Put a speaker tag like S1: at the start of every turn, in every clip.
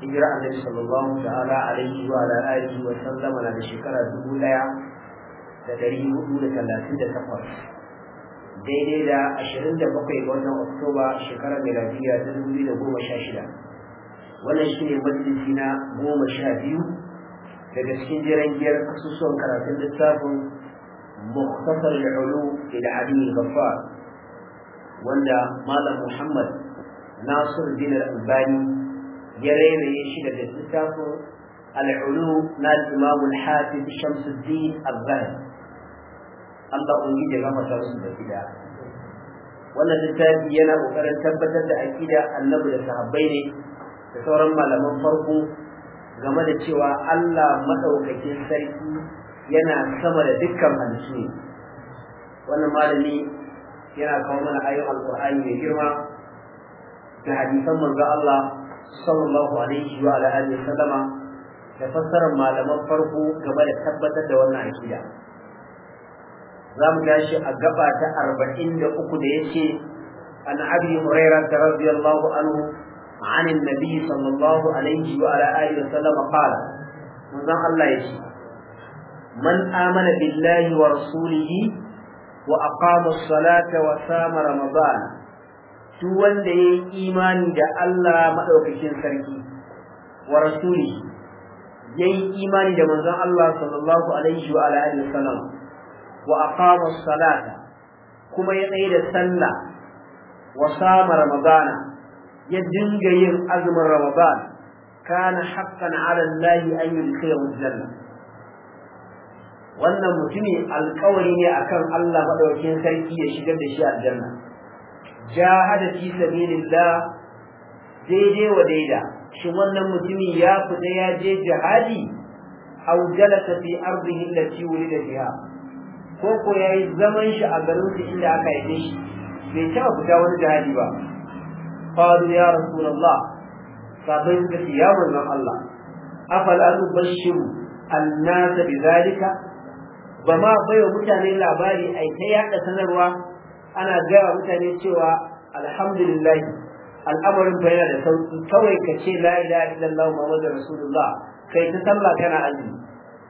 S1: hijira annabi sallallahu ta'ala alaihi wa ala alihi wa sallama na da shekara dubu daya da dari hudu da talatin da takwas daidai da ashirin da bakwai ga watan oktoba shekarar miladiya ta dubu biyu da goma sha shida wannan shi ne majalisi na goma sha biyu daga cikin jiran giyar kasusuwan karatun littafin مختصر العلوم للعلي الغفار ولا مال محمد ناصر الدين albani. ya rairaye shi daga littafin al'ulu na imam al-hafiz shamsuddin al-zahabi Allah ubangiji ya da gida wannan littafi yana kokarin tabbatar da akida annabi da sahabbai ne da sauran malaman farko game da cewa Allah madaukakin sarki yana sama da dukkan halittu wannan malami yana kawo mana ayoyin alqur'ani mai girma da hadisan manzo Allah sallallahu alaihi wa ala alihi sallama da fassarar malaman farko game da tabbatar da wannan aqida za mu gashi a gaba ta 43 da yace an abi hurairah radiyallahu anhu عن النبي صلى الله عليه وعلى آله وسلم قال من الله يشي من آمن بالله ورسوله وأقام الصلاة وسام رمضان duk wanda ya yi imani da Allah maɗaukakin sarki wa rasuli ya yi imani da manzon Allah sallallahu alaihi wa alihi wasallam wa aqama salata kuma ya tsaye da sallah wa sama ramadana ya dinga yin azumin ramadan kana haqqan ala Allah an yudkhilahu janna wannan mutumin alƙawari ne akan Allah Maɗaukakin sarki ya shigar da shi aljanna jahada fi sabilillah daidai wa daida shin wannan mutumin ya fita ya je jihadi aw jalasa fi ardihi allati wulida fiha ko ko yayi zaman shi a garin su inda aka yi shi bai taba fita wani jihadi ba qalu ya rasulullah sabai suka ce ya manzon Allah afala nubashshiru annasa bidhalika ba ma baiwa mutane labari ai ta yada sanarwa ana gaya mutane cewa alhamdulillah al'amarin fa yana da sauki kawai ka ce la ilaha illallah muhammadur rasulullah kai ta sallah kana aji.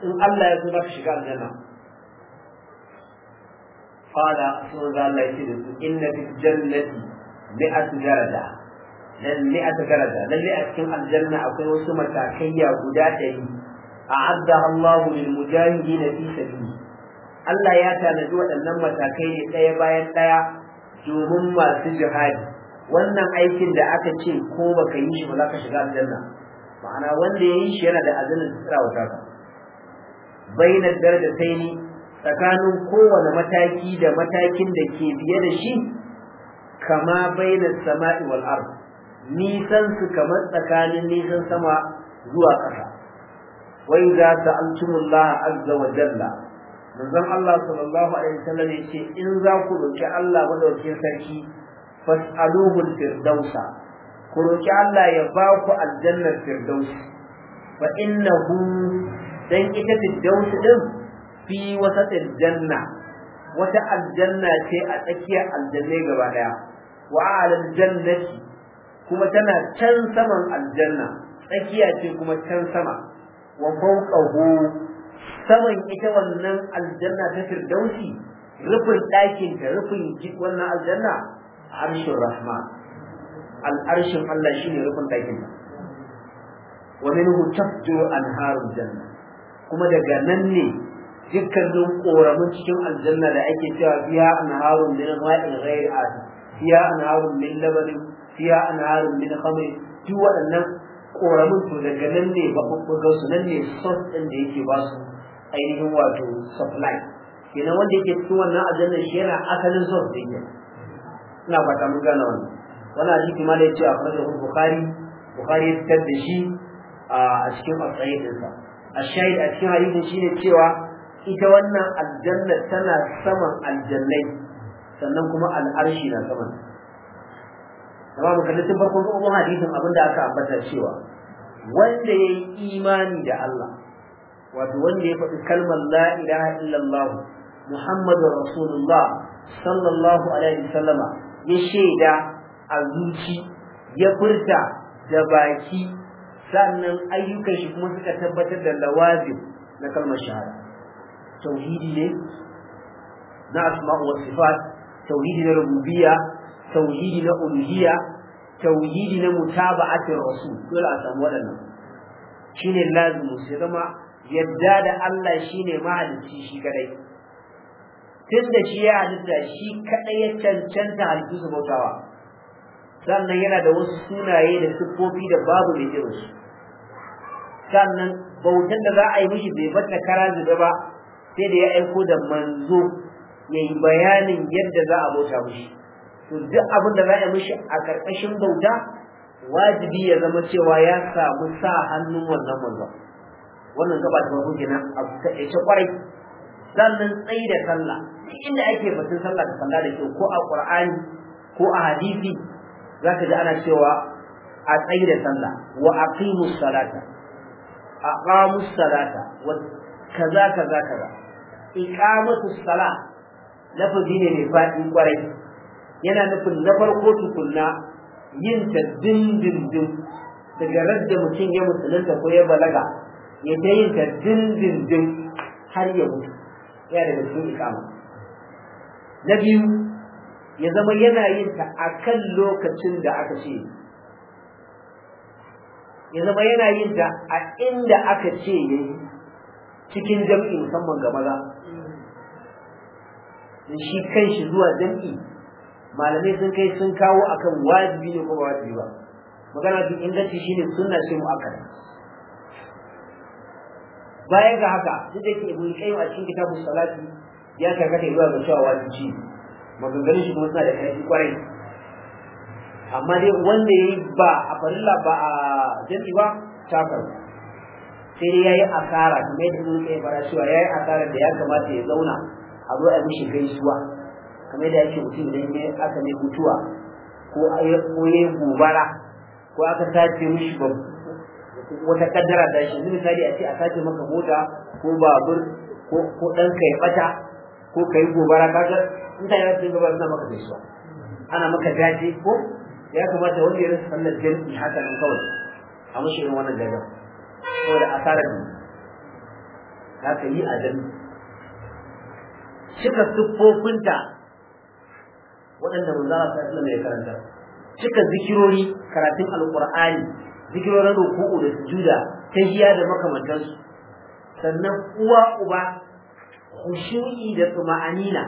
S1: in Allah ya so zaka shiga aljanna qala sun ga Allah yake da su inna fil jannati mi'at daraja lan mi'at daraja lalle a cikin aljanna akwai wasu matakaiya guda ɗari a'adda Allahu lil mujahidin fi sabili Allah ya tanadi waɗannan matakai ne ɗaya bayan ɗaya domin masu jihadi wannan aikin da aka ce ko baka yi shi ba za ka shiga aljanna ma'ana wanda ya yi shi yana da azanin sutura wa taka bainar ni tsakanin kowane mataki da matakin da ke biye da shi kama bainar sama'i wal nisan su kamar tsakanin nisan sama zuwa ƙasa wai za ta antumullah azza wa jalla manzon Allah sallallahu alaihi wasallam yace in za ku roki Allah madaukakin sarki fas'aluhu firdausa ku roki Allah ya ba ku aljannar firdaus fa innahu dan ita firdaus din fi wasatil janna wata aljanna ce a tsakiyar aljannai gaba daya wa alal kuma tana can saman aljanna tsakiya ce kuma can sama wa fawqahu saman ita wannan aljanna ta firdausi rufin ɗakin ta rufin wannan aljanna arshin rahma al'arshin Allah shi ne rufin ɗakin ta wa minhu tabdu anharul janna kuma daga nan ne dukkanin koramin cikin aljanna da ake cewa biya anharun min ma'in ghairi asin biya anharun min labanin biya anharun min khamri duk waɗannan koramin to daga nan ne ba ku ga su nan ne sos ɗin da yake ba su ainihin wato supply kenan wanda yake cikin wannan aljanna shi yana asalin source din ke ina fata mun gane wannan Wani hadisi ma da yace a fadar bukhari bukari ya fitar da shi a cikin asayin sa a shahid a cikin hadisin ne cewa ita wannan aljanna tana saman aljannai sannan kuma al'arshi na saman amma mu kalli tun farkon kuma hadisin abinda aka ambata cewa wanda ya yi imani da Allah wato wanda ya faɗi kalmar la ilaha illallah Muhammadu rasulullah sallallahu alaihi sallama, ya shaida a zuci ya furta da baki sannan ayyukan shi kuma suka tabbatar da lawazim na kalmar shahada tauhidi ne na asma'u wa sifat tauhidi na rububiyya tauhidi na uluhiyya tauhidi na mutaba'atir rasul dole a samu waɗannan shine lazimu sai zama yadda da Allah shi ne mahalicci shi kadai tun da shi ya halitta shi kadai ya cancanta halittu su bautawa sannan yana da wasu sunaye da siffofi da babu mai irin sannan bautan da za a yi mishi bai bata kara zuba ba sai da ya aiko da manzo ya yi bayanin yadda za a bauta mishi to duk abin da za a yi mishi a karkashin bauta wajibi ya zama cewa ya samu sa hannun wannan manzon wannan gaba ta farko kenan a takaice kwarai sannan tsayi da sallah duk inda ake batun sallah da sallah da kyau ko a qur'ani ko a hadisi zaka ji ana cewa a tsayi da sallah wa aqimu salata aqamu salata wa kaza kaza kaza iqamatus salah lafazi ne mai faɗi kwarai yana nufin na farko tukunna yin ta dindindin daga radda mutum ya musulunta ko ya balaga ya ta yin ta dindindin har ya mutu ya daga cikin ikama na biyu ya zama yana yin ta a kan lokacin da aka ce ya zama yana yin ta a inda aka ce ya yi cikin jam'i musamman ga maza shi kan shi zuwa jam'i malamai sun kai sun kawo akan wajibi ne ko wajibi ba magana duk inganci ne sunna ce mu'akkada baya ga haka duk da ke ibn kai a cikin kitabun salati ya karkata zuwa ga cewa wajibi maganganun shi kuma suna da karfi kwarai amma dai wanda yayi ba a farilla ba a jami ba ta karu sai dai yayi asara kuma yadda mun kai bara cewa yayi asara da ya kamata ya zauna a zo a mishi gaisuwa kamar da yake mutum da yake aka ne mutuwa ko ya gobara ko aka sace mishi wata kaddara da shi misali a ce a sake maka mota ko babur ko ɗan ka ya ɓata ko ka yi gobara kaga mutane za su yi gobara suna maka gaisuwa ana maka daji ko ya kamata wanda ya rasa sannan jami'i haka nan kawai a mashi irin wannan daga saboda asarar ne za ka yi a jami'i cika siffofinta waɗanda manzara ta islam ya karanta cika zikirori karatun alƙur'ani zikirorin ruku'u da sujuda tahiya da makamantansu sannan uwa uba khushu'i da tsuma'anina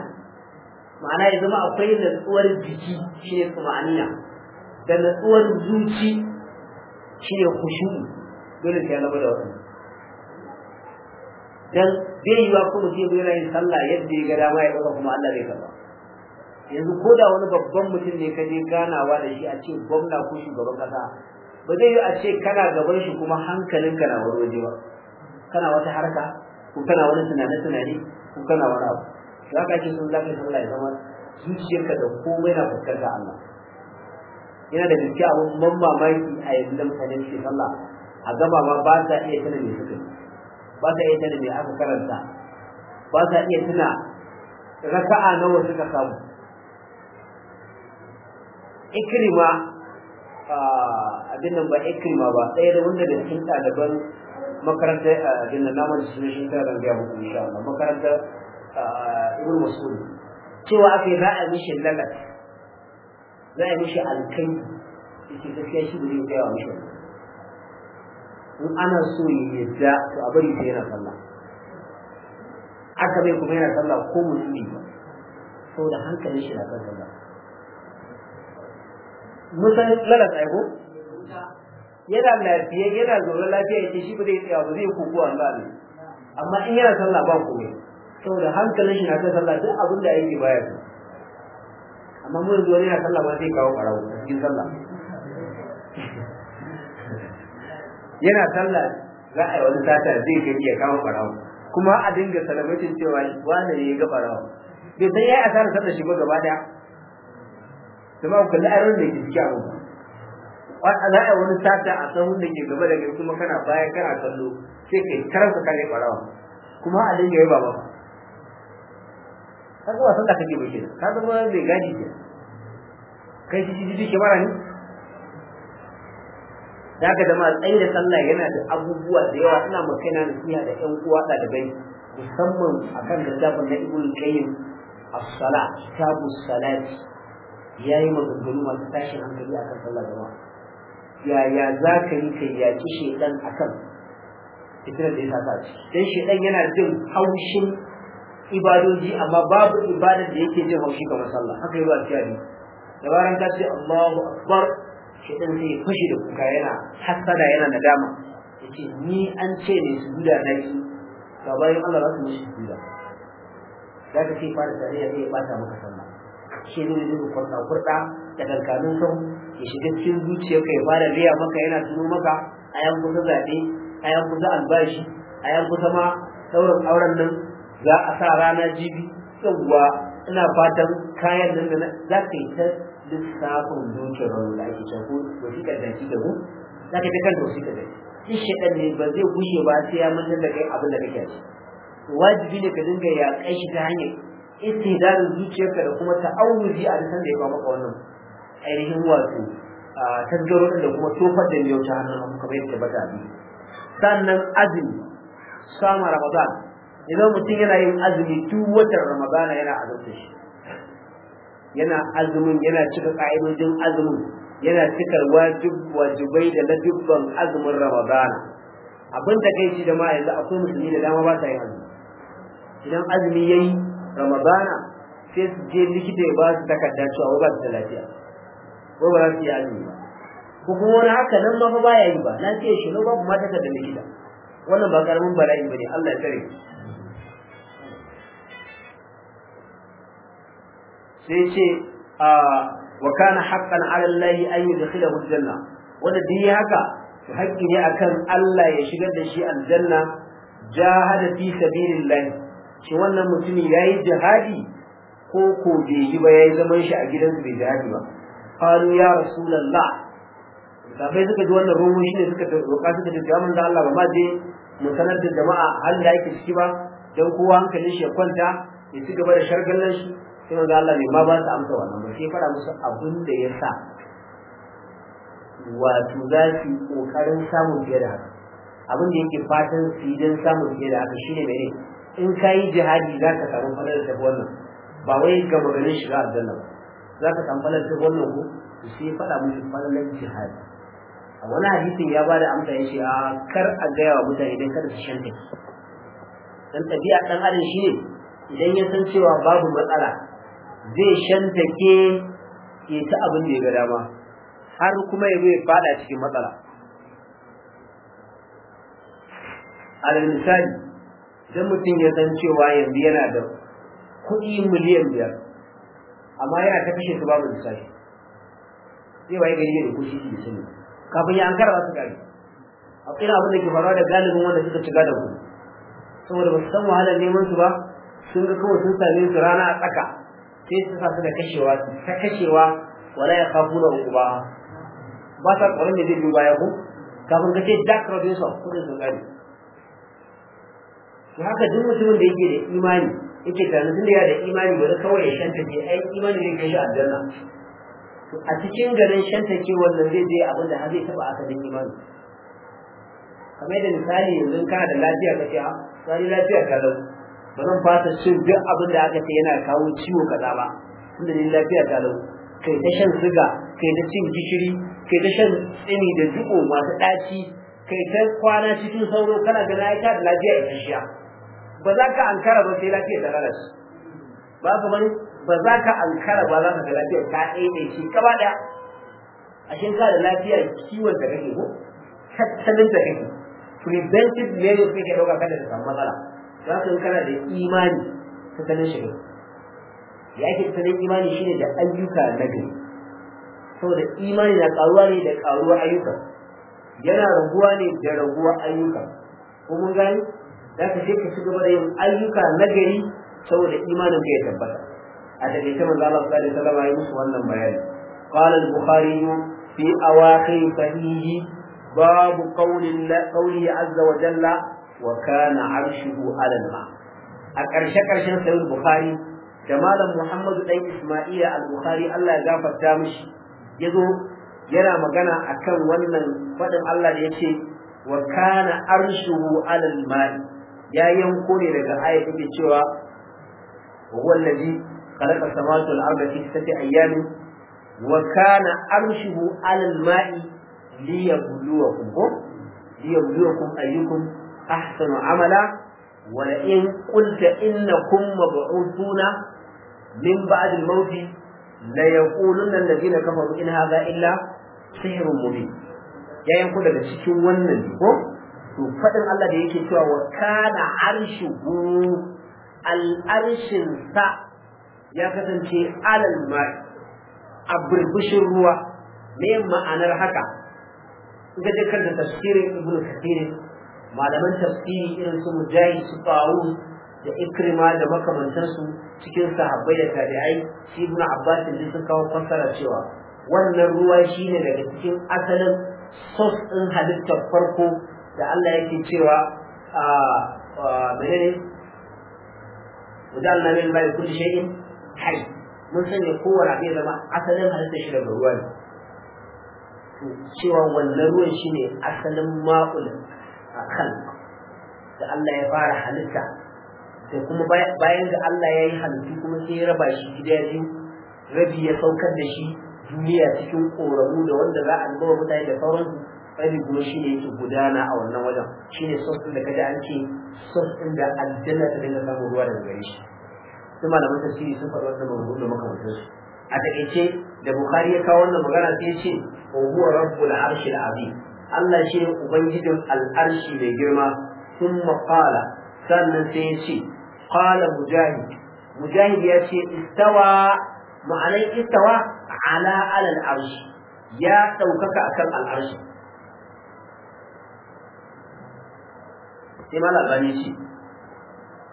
S1: ma'ana ya zama akwai natsuwar jiki ne tsuma'anina da natsuwar zuci shi ne khushu'u dole sai ya da wannan dan bai yi wa kuma zai yana yin sallah yadda ya ga dama ya ɗauka kuma Allah zai karba yanzu ko da wani babban mutum ne ka je ganawa da shi a ce gwamna ko shugaban kasa ba zai yi a ce kana gaban shi kuma hankalinka na wani waje ba kana wata harka ko kana wani tunani tunani? ko kana wani abu za ka ce sun za ka sallah ya zama zuciyarka da komai na fuskanta Allah yana da gaske abun ban mamaki a yanzu da mutane ke sallah a gaba ma ba sa iya tana mai suka ba sa iya tana mai aka karanta ba sa iya tana raka'a nawa suka samu ikrima abin nan ba ikrima ba ɗaya da wanda da cikin ɗaliban makarantar abin nan na su ne shi ta zan gaya muku insha Allah makarantar ibn mas'ud cewa aka yi a mishi lalat za a mishi alkai yake gaskiya shi bai gaya wa mishi in ana so ya yadda to a bari sai yana sallah aka bai kuma yana sallah ko musulmi ba saboda hankalin shi na kan sallah musan lalas aiko yana lafiya yana zaune lafiya yake shi ba zai tsaya ba zai kokowa ba ne amma in yana sallah ba komai saboda hankalin shi na ta sallah duk abin da yake baya su amma mun zuwa yana sallah ba zai kawo karawo cikin sallah yana sallah za a yi wani sata zai ga iya kawo karawo kuma a dinga salamacin cewa wani ne ya ga karawo bai san ya yi asarar sallah shi ba gaba daya jama'a ku kalli ayarin da ke cikin abu wa za a wani sata a san wanda ke gaba da kai kuma kana baya kana kallo sai kai karanta kare barawa kuma a dinga yaba ba kaga wasan da kake bace ka zama bai gadi ke kai shi jiji ke mara ne daga da ma tsayi da sallah yana da abubuwa da yawa ina makaina nasiha da ƴan uwa da bai musamman akan da zafin na ibnu qayyim as-salat kitabus salati ya yi maganganu masu tashin hankali a kan sallah jama'a yaya za ka yi ka yaƙi shedan akan fitinar da ya sa don shedan yana jin haushin ibadoji amma babu ibadar da yake jin haushi kamar sallah haka yi ba tiyari dabaran ta ce Allahu akbar shedan sai fashi da kuka yana hasada yana nadama ce ni an ce ne na yi ga bayan Allah za su mishi Za ka ce fara tare ya bata maka sallah shi ne zai kurɗa kurɗa da kankanin kan ya shiga cikin zuciyar ka ya fara riya maka yana tuno maka a yan kusa zaɓe a yan kusa albashi a yan kusa ma sauran auren nan za a sa rana jibi yawwa ina fatan kayan nan da za ka yi ta lissafin dukiyar ranar da ake can ko wasiƙar da ke da mu za ka ta kanta wasiƙar da shi shaɗan ne ba zai gushe ba sai ya mantar da kai abin da kake ci wajibi ne ka dinga ya kai shi ta hanyar istidalin zuciyarka da kuma ta'awuzi a san da ya kawo maka wannan ainihin wato tasgarorin da kuma tofar da miyau ta hannun abu kamar yadda bata bi sannan azumi sama ramadan idan mutum yana yin azumi duk watan ramadana yana azumta shi yana azumin yana cika ka'idojin azumin yana cika wajib wajibai da ladubban azumin ramadana abin da kai shi da ma yanzu akwai musulmi da dama ba sa yin azumi idan azumi yayi ramadana sai su je likita ya ba su takarda cewa ba su da lafiya ko ba su yi ba ko kuma wani haka nan ma fa baya yi ba ce shi ne babu ta da likita wannan ba karamin bala'i bane Allah ya tare sai ce a wa kana haqqan 'ala Allah an yudkhilahu aljanna wanda dai haka to haƙƙi ne akan Allah ya shigar da shi aljanna jahada fi sabilillah shi wannan mutumin ya yi jihadi ko ko bai yi ba ya yi zaman shi a gidansu bai jihadi ba faru ya rasu rasulullah sabai suka ji wannan romo shi ne suka roƙa suka ce ya da Allah ba ma je mu sanar da jama'a halin da ake ciki ba don kowa hankalin shi ya kwanta ya ci gaba da shargallan shi sai da Allah ne ma ba su amsa wannan ba sai fara musu abin da ya sa wato za su yi kokarin samun fiye da haka abin da yake fatan su yi don samun fiye da haka shi mai mene in ka yi jihadi za ka samu falar ta wannan ba wai ga maganin shiga aljanna ba za ka samu falar ta wannan ko sai ya faɗa musu falalar jihadi a wani hadisin ya ba da amsa ya ce a kar a gaya wa mutane don kada su shanta dan tabi'a dan adam shine idan ya san cewa babu matsala zai shanta ke ya ta abin da ya ga dama har kuma ya ya fada cikin matsala alal misali idan mutum ya san cewa yanzu yana da kuɗi miliyan biyar amma yana ta kashe su babu lissafi zai waye gari da kushi shi ne? kafin ya an kara su gari akwai abin da ke faruwa da galibin wanda suka shiga da ku saboda ba su san wahalar neman su ba sun ga kawai sun same su rana a tsaka sai su sa su da kashewa su ta kashewa wala ya kafu na uku ba ba sa tsoron da zai biyu baya ko kafin ka ce jack robinson kudin sun gari to haka duk mutumin da yake da imani yake tun da ya da imani bari kawai ya shanta ke ai imani ne kai shi aljanna to a cikin garin shanta ke wannan zai je abin da har zai taba asalin imani kamar yadda misali yanzu ka da lafiya ka ce a ah, tsari lafiya ka lau ba zan fasa cin duk abin da aka ce yana kawo ciwo kaza ba tunda ni lafiya ka lau kai ta shan siga kai ta cin gishiri kai ta shan tsini da duko masu ɗaci kai ta kwana cikin sauro kana gana ya ta da lafiya ya shiya ba za ka ankara ba sai lafiyar da lalace ba ku bane ba za ka ankara ba za ka ga lafiyar ta ɗaiɗai shi gaba ɗaya a shin ka da lafiyar kiwon da kake ko tattalin da kake preventive measures ne ke ɗauka kada ka samu matsala za ka yi kana da imani tattalin shi ne ya ke tattalin imani shine da ayyuka na gari saboda imani na ƙaruwa ne da ƙaruwar ayyuka yana raguwa ne da raguwar ayyuka ko mun gani da ka sai ka ci gaba da yin ayyuka nagari saboda imanin ya tabbata a takaice manzo Allah sallallahu alaihi wasallam ya musu wannan bayani qala al-bukhari fi awakhir sahihi babu qawli qawli azza wa jalla wa kana arshuhu ala al-ma a ƙarshe ƙarshen sahih bukhari da malam Muhammadu dan Isma'ila al-Bukhari Allah ya gafarta mishi yazo yana magana akan wannan fadin Allah da ya wa kana arshuhu ala al ya yanko ne daga aya take cewa huwa allazi khalaqa samawati wal arda fi sittati ayyamin wa kana arshuhu ala al-ma'i liyabluwakum liyabluwakum ayyukum ahsanu amala wa la in qulta innakum mab'uthuna min ba'd al-maut la yaquluna alladhina kafaru in hadha illa sihrun mubin ya yanko daga cikin wannan ko to faɗin Allah da yake cewa wa kana arshuhu al'arshin sa ya kasance alal mai a burbushin ruwa me ma'anar haka ga dukkan da tafsirin ibn kathir malaman tafsiri irin su mujahid su faru da ikrima da makamantansu cikin sahabbai da tabi'ai shi ibn abbas ne sun kawo fassara cewa wannan ruwa shine daga cikin asalin sos ɗin halittar farko da Allah yake cewa a menene wajalna min bai kulli shay'in hai mun sanya kowane abu ya zama asalin halitta shi daga ruwa ne cewa wannan ruwan shi ne asalin ma'ul kan? da Allah ya fara halitta sai kuma bayan da Allah ya yi halittu kuma sai ya raba shi gida rabi ya saukar da shi duniya cikin ƙoramu da wanda za a zuba mutane da sauransu rabi kuma shi ne yake gudana a wannan wajen shi ne sos da kaji an ce sos ɗin da aljanna ta dinga samun ruwa daga gare shi sun malaman tafsiri sun faɗi wannan mabudu da makamantar su a taƙaice da bukhari ya kawo wannan magana sai ya ce wa huwa rabbul arshil azim Allah shi ne ubangijin al'arshi mai girma sun maƙala sannan sai ya ce qala mujahid mujahid ya ce istawa ma'anar istawa ala alal arshi ya ɗaukaka akan al'arshi sai malam albani ce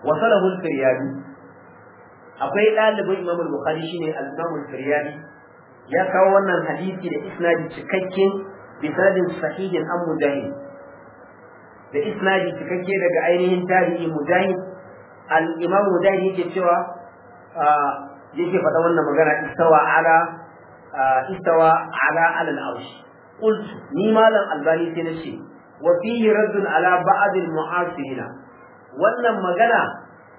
S1: wasalahu al-firyadi akwai ɗalibin imam al-bukhari shine al-imam al-firyadi ya kawo wannan hadisi da isnadi cikakken bi sanadin sahihin an mujahid da isnadi cikakke daga ainihin tarihi mujahid al-imam mujahid yake cewa ah, yake faɗa wannan magana istawa ala ah, istawa ala al-arsh qult ni malam albani sai na ce wa fihi raddun ala ba'd wannan magana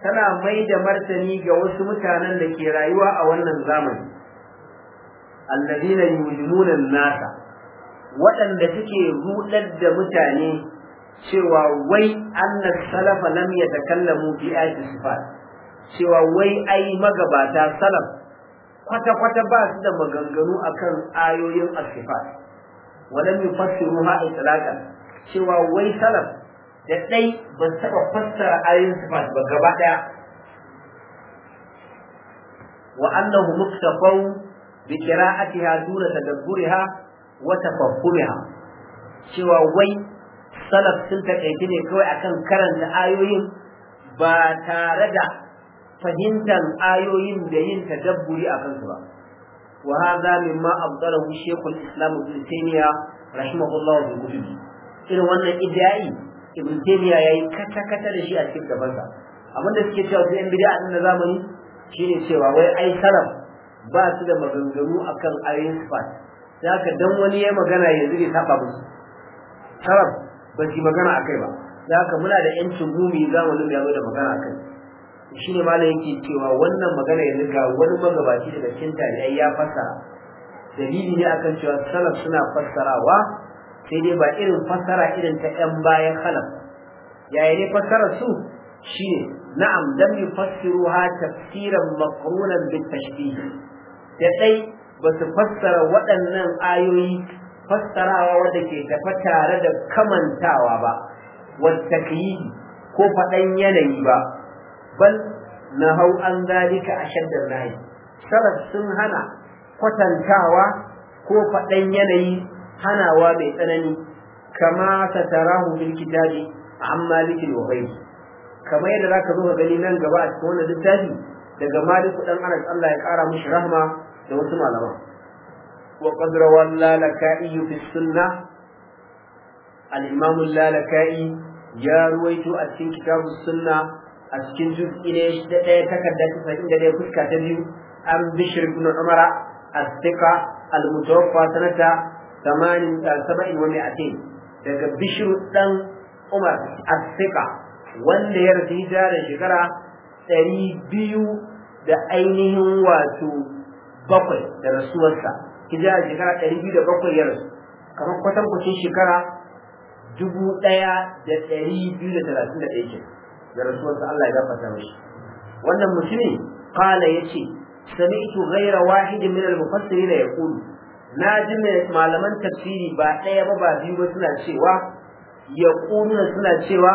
S1: tana mai da martani ga wasu mutanen da ke rayuwa a wannan zamani alladina yujmuna nasa waɗanda suke rudar da mutane cewa wai annas salafa lam yatakallamu bi ayati sifat cewa wai ai magabata salaf kwata-kwata ba su da maganganu akan ayoyin asifat walam yufassiruha itlaqan cewa wai salaf da ɗai ba taɓa fassara ayoyin sifat ba gaba ɗaya wa annahu muktafau bi qira'atiha dura tadabburiha wa tafahhumiha cewa wai salaf sun taƙaice ne kawai akan karanta ayoyin ba tare da fahimtar ayoyin da yin tadabburi a kansu ba wa hadha mimma afdalahu shaykhul islam ibn taymiya rahimahullahu bi irin wannan idai ibn taymiya yayi kata kata da shi a cikin Abin da suke cewa su yan bid'a na zamani shine cewa wai ai salaf ba su da maganganu akan ayoyin sifat da haka dan wani ya magana yanzu bai saba musu salaf ba su magana akai ba da haka muna da yancin gumi zamanin da zo da magana akai shi ne malam yake cewa wannan magana yanzu ga wani magabaci daga cikin tabi'ai ya fassara dalili ne akan cewa salaf suna fassarawa sai dai ba irin fassara irin ta ɗan bayan halam. yaya ne fassara su Shi ne. na'am yi fassiru ha tafsiran maqrunan bit tashbih da dai ba su fassara waɗannan ayoyi fassarawa wanda ke tafa tare da kamantawa ba wata ko faɗan yanayi ba bal hau an zalika a shaddar nahi salaf sun hana kwatantawa ko faɗan yanayi hanawa mai tsanani kama ta tarahu fil kitabi an malikin wa ghayri kamar yadda zaka zo ka gani nan gaba a cikin wannan littafi daga maliku dan anas Allah ya kara mishi rahma da wasu malaman wa qad rawalla laka'i fi sunnah al-imam al-lalakai ya ruwaito a cikin kitabu sunna a cikin juz'i ne da ɗaya takarda ta sa'in da ɗaya fuska ta biyu an bishir ibn umara as-thiqa al-mutawaffa sanata samanin eh, saba'in wa mi'atin daga bishiru dan umar asika wanda ya rasu hijira da shekara ɗari biyu da ainihin wato bakwai da rasuwarsa hijira da shekara ɗari biyu da bakwai ya rasu shekara dubu ɗaya da ɗari biyu da talatin da ɗaya da rasuwarsa Allah ya gafarta mashi wannan mutumin kala ya ce sami'tu ghaira wahidin min al na ji malaman tafsiri ba ɗaya ba ba biyu ba suna cewa ya suna cewa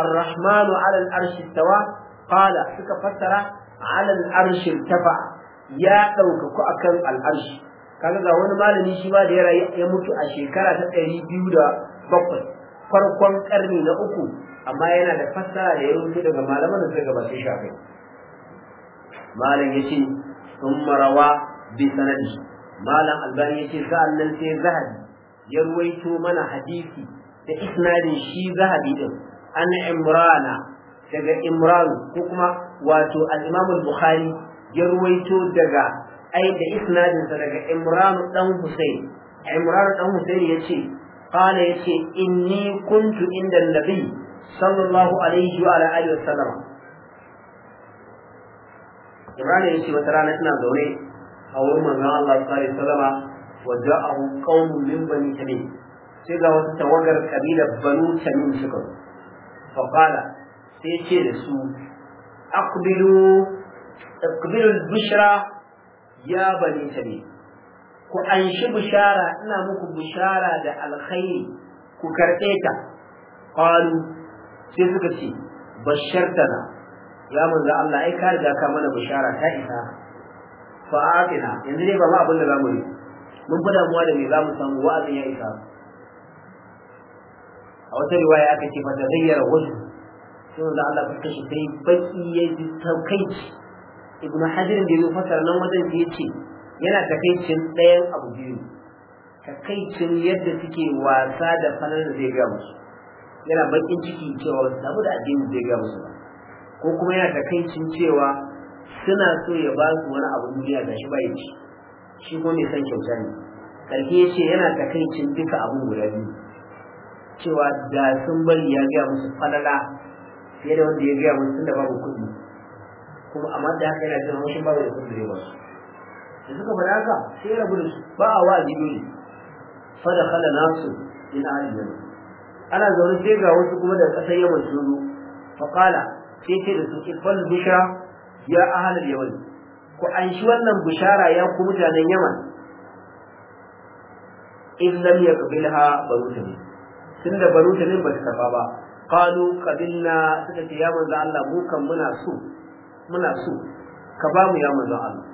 S1: arrahmanu alal arshi tawa qala suka fassara alal arshi tafa ya ɗaukaku akan al'arshi kaga ga wani malami shi ma da ya ya mutu a shekara ta ɗari biyu da bakwai farkon ƙarni na uku amma yana da fassara da ya rubuta daga malaman da suka gabace shafi malam yace sun marawa bi sanadi malam albani yace nan sai zahabi ya ruwaito mana hadisi da isnadin shi zahabi din an imrana daga imran ko kuma wato al-imam al-bukhari ya ruwaito daga ai da isnadin sa daga imran dan husayn imran dan husayn yace qala yace inni kuntu inda nabi sallallahu alaihi wa alihi wa sallam imran yace wata rana ina zaune a wurin manzon Allah sallallahu alaihi wasallama wa ja'ahu qaumun min bani tamim sai ga wata tawagar kabila banu tamim suka fa qala sai ce da su aqbilu aqbilu al-bushra ya bani tamim ku anshi bishara ina muku bishara da alkhairi ku karɓe ta qalu sai suka ce bashartana ya manzo Allah ai ka riga ka mana bishara ta isa fa'atina yanzu dai ba mu abin da zamu yi mun fi damuwa da me zamu samu wa'azin ya isa a wata riwaya aka ce fata zayyara wasu sun da Allah fuska shi sai baki ya ji taukaici ibnu hajar da ya fasar nan wajen ya ce yana takaicin ɗayan abu biyu takaicin yadda suke wasa da fanar da zai ga musu yana bakin ciki cewa wasu da addini zai ga musu ko kuma yana takaicin cewa suna so ya ba su wani abu duniya ga shi bai ci shi ko mai san kyauta ne karfi ya ce yana takaicin duka abu guda biyu cewa da sun bari ya gaya musu falala fiye da wanda ya gaya musu tun da babu kuɗi kuma amma da haka yana jin haushin babu da kuɗi da basu da suka faɗa haka sai ya rabu da su ba a wa jibi fada kala nasu ina aliyar ana zaune sai ga wasu kuma da ƙasar yawan sun zo kala sai ce da su ƙifal bishara ya ahalar yaman ku anshi wannan bishara ya ku mutanen yaman in lam yaqbilha banu tamim tunda da tamim ba ta karba ba qalu qabilna suka ce ya manzo Allah mu kan muna so muna so ka ba mu ya manzo Allah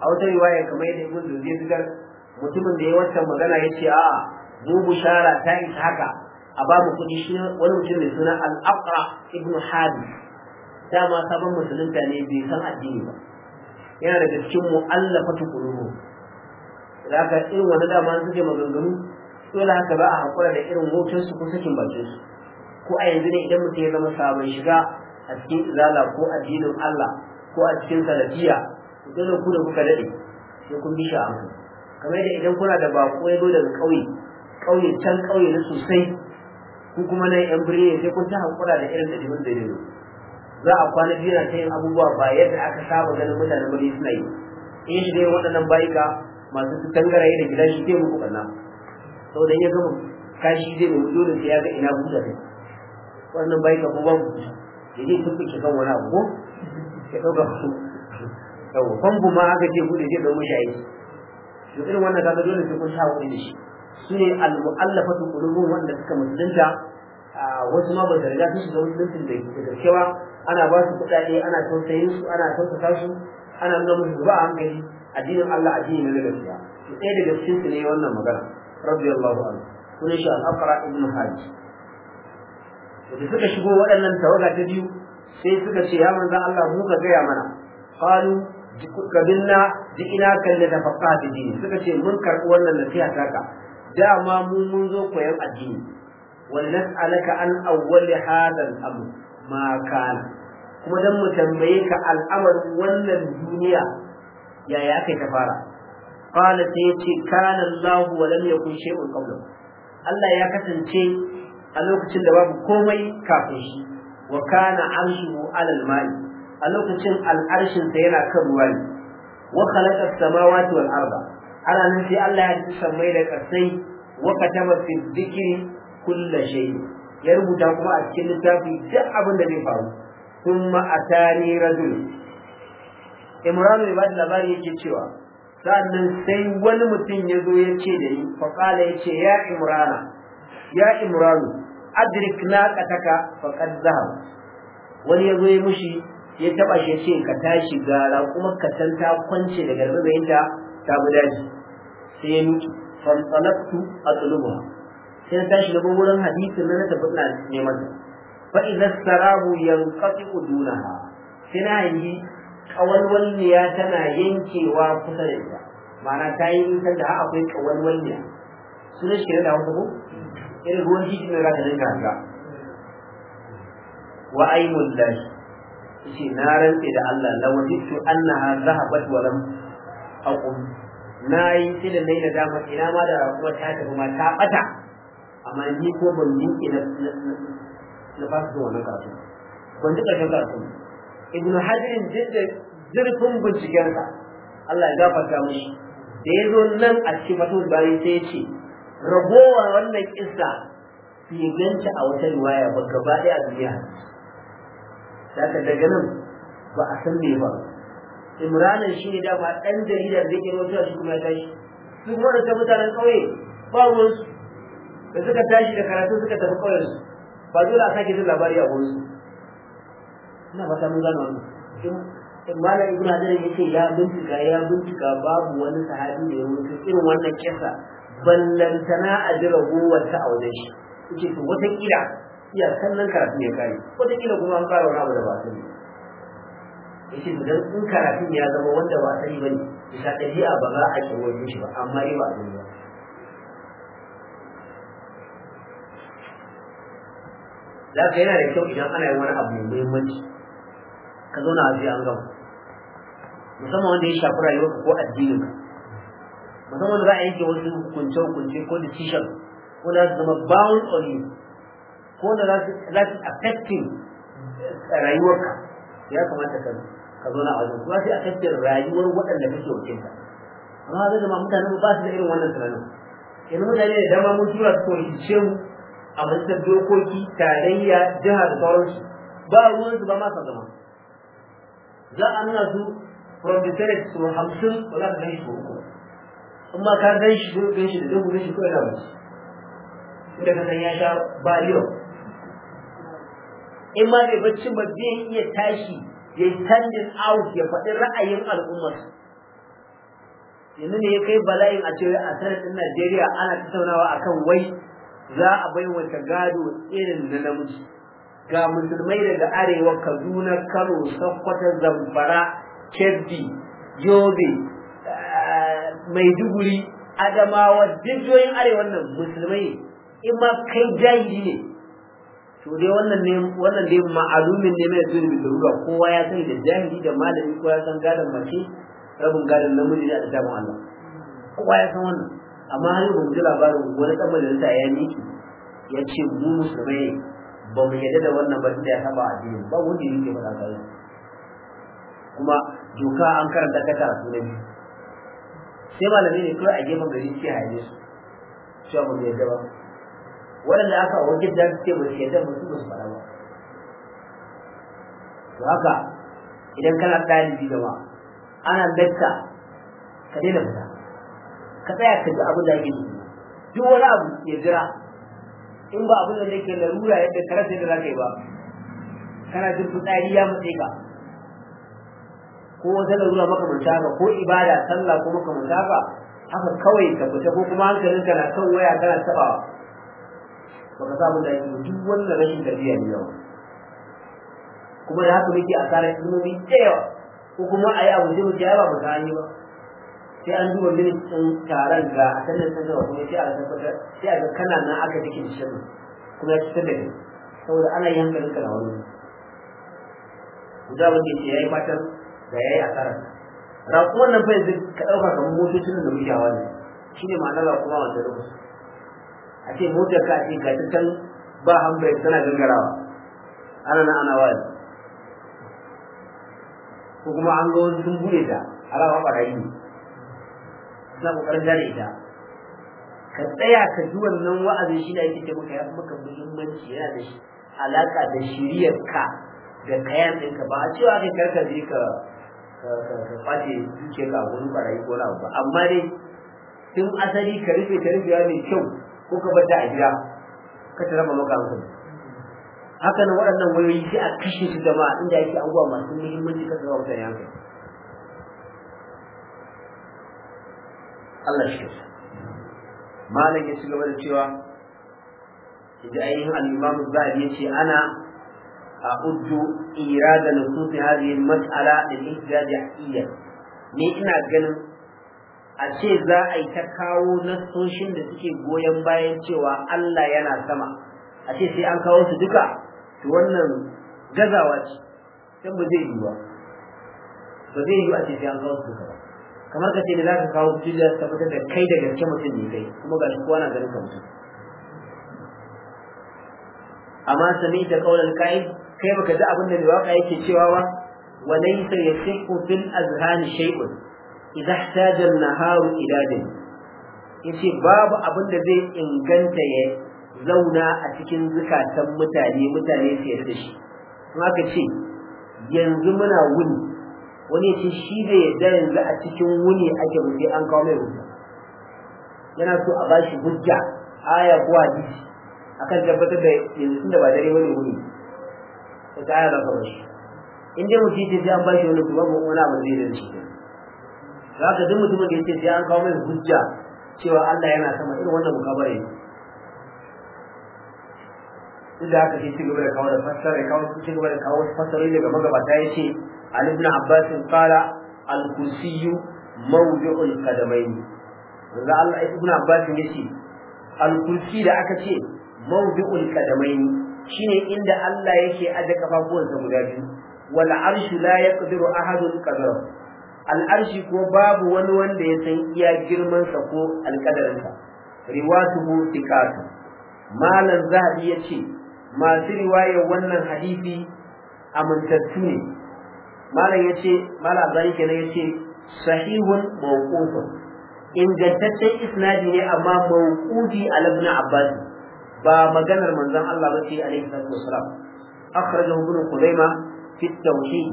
S1: a wata riwaya kamar yadda Ibn Zubair fitar mutumin da ya wata magana ya ce a'a mu bishara ta isa haka a ba mu kuɗi shi wani mutum mai suna al-Aqra ibn Hadith dama sabon musulunta ne bai san addini ba yana daga cikin mu'allafatu qulubu daga irin wani dama suke maganganu dole haka ba a hakura da irin motar su ko sakin bakin su ko a yanzu ne idan mutum ya zama sabon shiga a cikin izala ko addinin Allah ko a cikin salafiya dole ku da kuka dade sai kun bi shi kamar yadda idan kuna da bako ya zo daga ƙauye ƙauye can ƙauye na sosai ku kuma na yan birni sai kun ta hakura da irin da jimin da ne za a kwana biyu na yin abubuwa ba yadda aka saba ganin mutanen wani suna yi in shi dai waɗannan bayika masu su tangaraye da gidan shi zai muku ɓanna Sau da ya gama kashi zai muku dole sai ya ga ina buɗe kai waɗannan bayika ko ban ya je tun fice kan wani abu ko ya ɗauka su yawa ku ma aka ce buɗe zai ɗau mu shaye. to irin wannan kaga dole sai kun sha wani da shi su ne al-mu'allafatu qulubuhum wanda suka musulunta wasu ma ba da riga sun da ke ana ba su kuɗaɗe ana tausayin su ana tausasa su ana nuna musu zuba a hankali addinin Allah addini ne na gaskiya to ɗaya daga cikin su ne wannan magana radiyallahu anhu sunan shi al-aqra ibn Haji. da suka shigo waɗannan tawaga ta biyu sai suka ce ya manzo Allah mu ka gaya mana qalu kabinna ji'ina kalla da faqati dini suka ce mun karɓi wannan nasiha taka dama mu mun zo koyan addini ولنسألك عن أول هذا الأمر ما كان kuma dan mu tambaye ka al'amar wannan duniya yaya aka ta fara qala sai yace kana Allah wa lam yakun shay'un qabla Allah ya kasance a lokacin da babu komai kafin shi wa kana arshuhu ala al-ma'i a lokacin al'arshin sa yana kan ruwa ne wa khalaqa as-samawati wal arda ana nan sai Allah ya ji sammai da kasai wa katama fi dhikri kulla ya rubuta kuma a cikin littafi duk abin da zai faru kuma atani rajul imran ibn labari yake cewa sa'annan sai wani mutum ya zo ya ce da ni fa qala yace ya imrana ya imranu adrik naqataka faqad zahab wani ya zo ya mushi ya taba shi ce ka tashi gara kuma ka san ta kwance daga rubayin ta ta budaji sai ya nuki fantalaktu atlubuha sai na shi na wurin hadisin na tafi ne neman fa idza sarahu yanqati dunaha sai na yi kawalwalniya tana yankewa kusa da ita ma'ana ta yi nisan da akwai kawalwalniya sun shi da wata ko irin ruwan titi ne za ta dinga hanga wa aimul lahi shi na rantse da Allah la wajidtu annaha zahabat wa lam aqum na yi tilin da dama ina ma da kuma ta tafi ma ta bata amma ni ko ban miƙe na ba su wannan karatu ban duka ƙarshen karatu ibn hajarin jidda zurfin bincikensa Allah ya gafarta mishi da ya zo nan a cikin matan bayan sai ya ce rabowa wannan kissa su ganta a wata riwaya ba gaba ɗaya a duniya daga daga nan ba a san me ba imranan shi ne dama ɗan jaridar da ke rotuwa shi kuma ya tashi su kuma da mutanen ƙauye ba ruwansu da suka tashi da karatu suka tafi kawai ba dole a sake jin labari a gurin ina ba ta mun gano wannan da ibn hajar ya ce ya bincika ya bincika babu wani sahabi da ya rubuta irin wannan kisa ballantana a ji ragowar a wajen shi yace to wataƙila iya sannan karatu ya kare wataƙila kuma an fara wani abu da ba Ya ce to dan karatu karatun ya zama wanda ba sani bane bisa ɗabi'a ba za a ke wajen shi ba amma ba a duniya da yana da kyau idan ana yin wani abu mai muhimmanci ka zauna a an gama musamman wanda ya shafi rayuwarka ko addinin ka. musamman wanda za a yanke wasu hukunce-hukunce ko tishan ko da su zama bound on you ko da za su affecting rayuwarka ya kamata ka ka zauna a wajen kuma sai affecting rayuwar waɗanda kake wakilta amma zai zama mutane ba su da irin wannan tunanin yanzu mutane da dama mun tura su ko rikice mu a majalisar dokoki tarayya jiha da sauransu ba ruwansu ba ma sa zama za a nuna su from the senate to hamsin ba za ka gan shi ko uku in ma ka gan shi ko gan shi da zan gan shi ko yana wani inda ka san ya sha ba yau in ma bai bacci ba zai iya tashi ya yi standing out ya faɗi ra'ayin al'ummar. yanzu ne ya kai bala'in a cewa a sanar ɗin Najeriya ana tattaunawa akan wai za a bai wata gado irin na namiji ga musulmai daga arewa kaduna kano sakkwata zamfara kebbi yobe eh, maiduguri adamawa jijiyoyin arewa nan musulmai in ma kai jahili ne to dai wannan ne wannan dai ma'alumin ne mai zuri da ruwa kowa ya sani da jahili da malami kowa ya san gadon mace rabin gadon namiji da a kitabun Allah kowa ya san wannan amma har yi ji labarin wani dan majalisa ya miki ya ce mu musulmai ba mu yarda da wannan ba da ya taba addini ba wanda ke faɗa kai kuma doka an karanta ta karatu na biyu sai malami ne kawai a gefen gari ce yi su shi ba mu yarda ba waɗanda aka wajen da suke ba su yarda ba su ba su faɗa ba to haka idan kana ɗalibi da ma ana dakka ka daina fita ka tsaya ka ji abin da ake yi duk wani abu ya jira in ba abin da zai ke larura yadda ka rasa yadda za ka yi ba kana jin fitsari ya matse ka ko wata larura mutu haka ko ibada sallah ko mutu haka haka kawai ka fita ko kuma hankalin ka na kan waya kana tabawa ba sa abin da yi duk wannan rashin tarbiyya ne yau kuma da haka muke asarar ilmomi da yawa ko kuma a yi abu da muke ya ba ta ba sai an duba ministan taron ga a sanar sanarwa kuma sai a tabbatar sai a ga kana nan aka jikin shirin kuma ya fitar da ni saboda ana yi hankalin ka na wani guda wanda ce ya yi fatan da ya yi asarar raku wannan fa yanzu ka ɗauka kamar motocin da muke hawa ne shi ne ma'anar raku ma wanda rubu a ce motar ka ce ga can ba hambar tana gangarawa ana nan ana wani ko kuma an ga wani sun bude ta alawa ɓarayi ne suna kokarin gane ita ka tsaya ka ji wannan wa'azin shi da yake ce maka ya maka muhimmanci yana da alaka da shiriyar ka da kayan ɗinka ba a cewa kai karka je ka ka duke ka gurin barayi ko na ba amma dai tun asali ka rufe ka rufe mai kyau ko ka bar da a gida ka tara ba maka hankali haka nan waɗannan wayoyi sai a kashe su jama'a inda yake abubuwa masu muhimmanci ka tara mutane hankali Allah shi kyauta malam ya ci gaba da cewa da ainihin al-imam zahabi ya ce ana أعد إيراد نصوص هذه المسألة للإحداد حقيقيا ni ina ganin a ce za a yi ta kawo nassoshin da suke goyon bayan cewa Allah yana sama a ce sai an kawo su duka to wannan gazawa ce don ba zai yi ba ba zai yi a ce sai an kawo su duka ba kamar ka ce ne za ka kawo hujja ta fitar da kai da gaske mutum ne kai kuma ga shi kowa na ganin ka amma sami da kaulan kai kai baka ji abin da mai waka yake cewa ba wa laysa yasihu fil azhan shay'un Idan ihtaja an-naharu ila din yace babu abin da zai inganta ya zauna a cikin zukatan mutane mutane su yarda shi kuma ka ce yanzu muna wuni wani ya ce shi bai yadda yanzu a cikin wuni ake rufe an kawo mai hujja yana so a bashi hujja aya ko hadisi akan tabbatar da yanzu tunda ba dare wani wuni ta aya za ka bashi in dai mutum ce sai an bashi wani kuma ba wani abu zai da shi za ka duk mutumin da ya ce sai an kawo mai hujja cewa Allah yana sama irin wannan mukabare duk da haka shi ci gaba da kawo da fassara kawo ci gaba da kawo fassarori daga magabata ya ce عن ابن عباس قال الكرسي موضع القدمين ابن عباس يسي الكرسي da aka ce mawdu'ul qadamaini shine inda Allah yake aje kafafuwansa guda biyu wal arshu la yaqdiru ahadun qadara al arshi ko babu wani wanda ya san iya girman sa ko alkadarin sa riwatuhu thiqatu malan zahabi yace masu riwaya wannan hadisi amintattu ne malam yace malam albani kenan ce sahihun mawqufun ingantaccen isnadi ne amma mawqufi a ibn abbas ba maganar manzon Allah ba bace alaihi salatu wasalam akhrajahu ibn khuzaima fi at-tauhid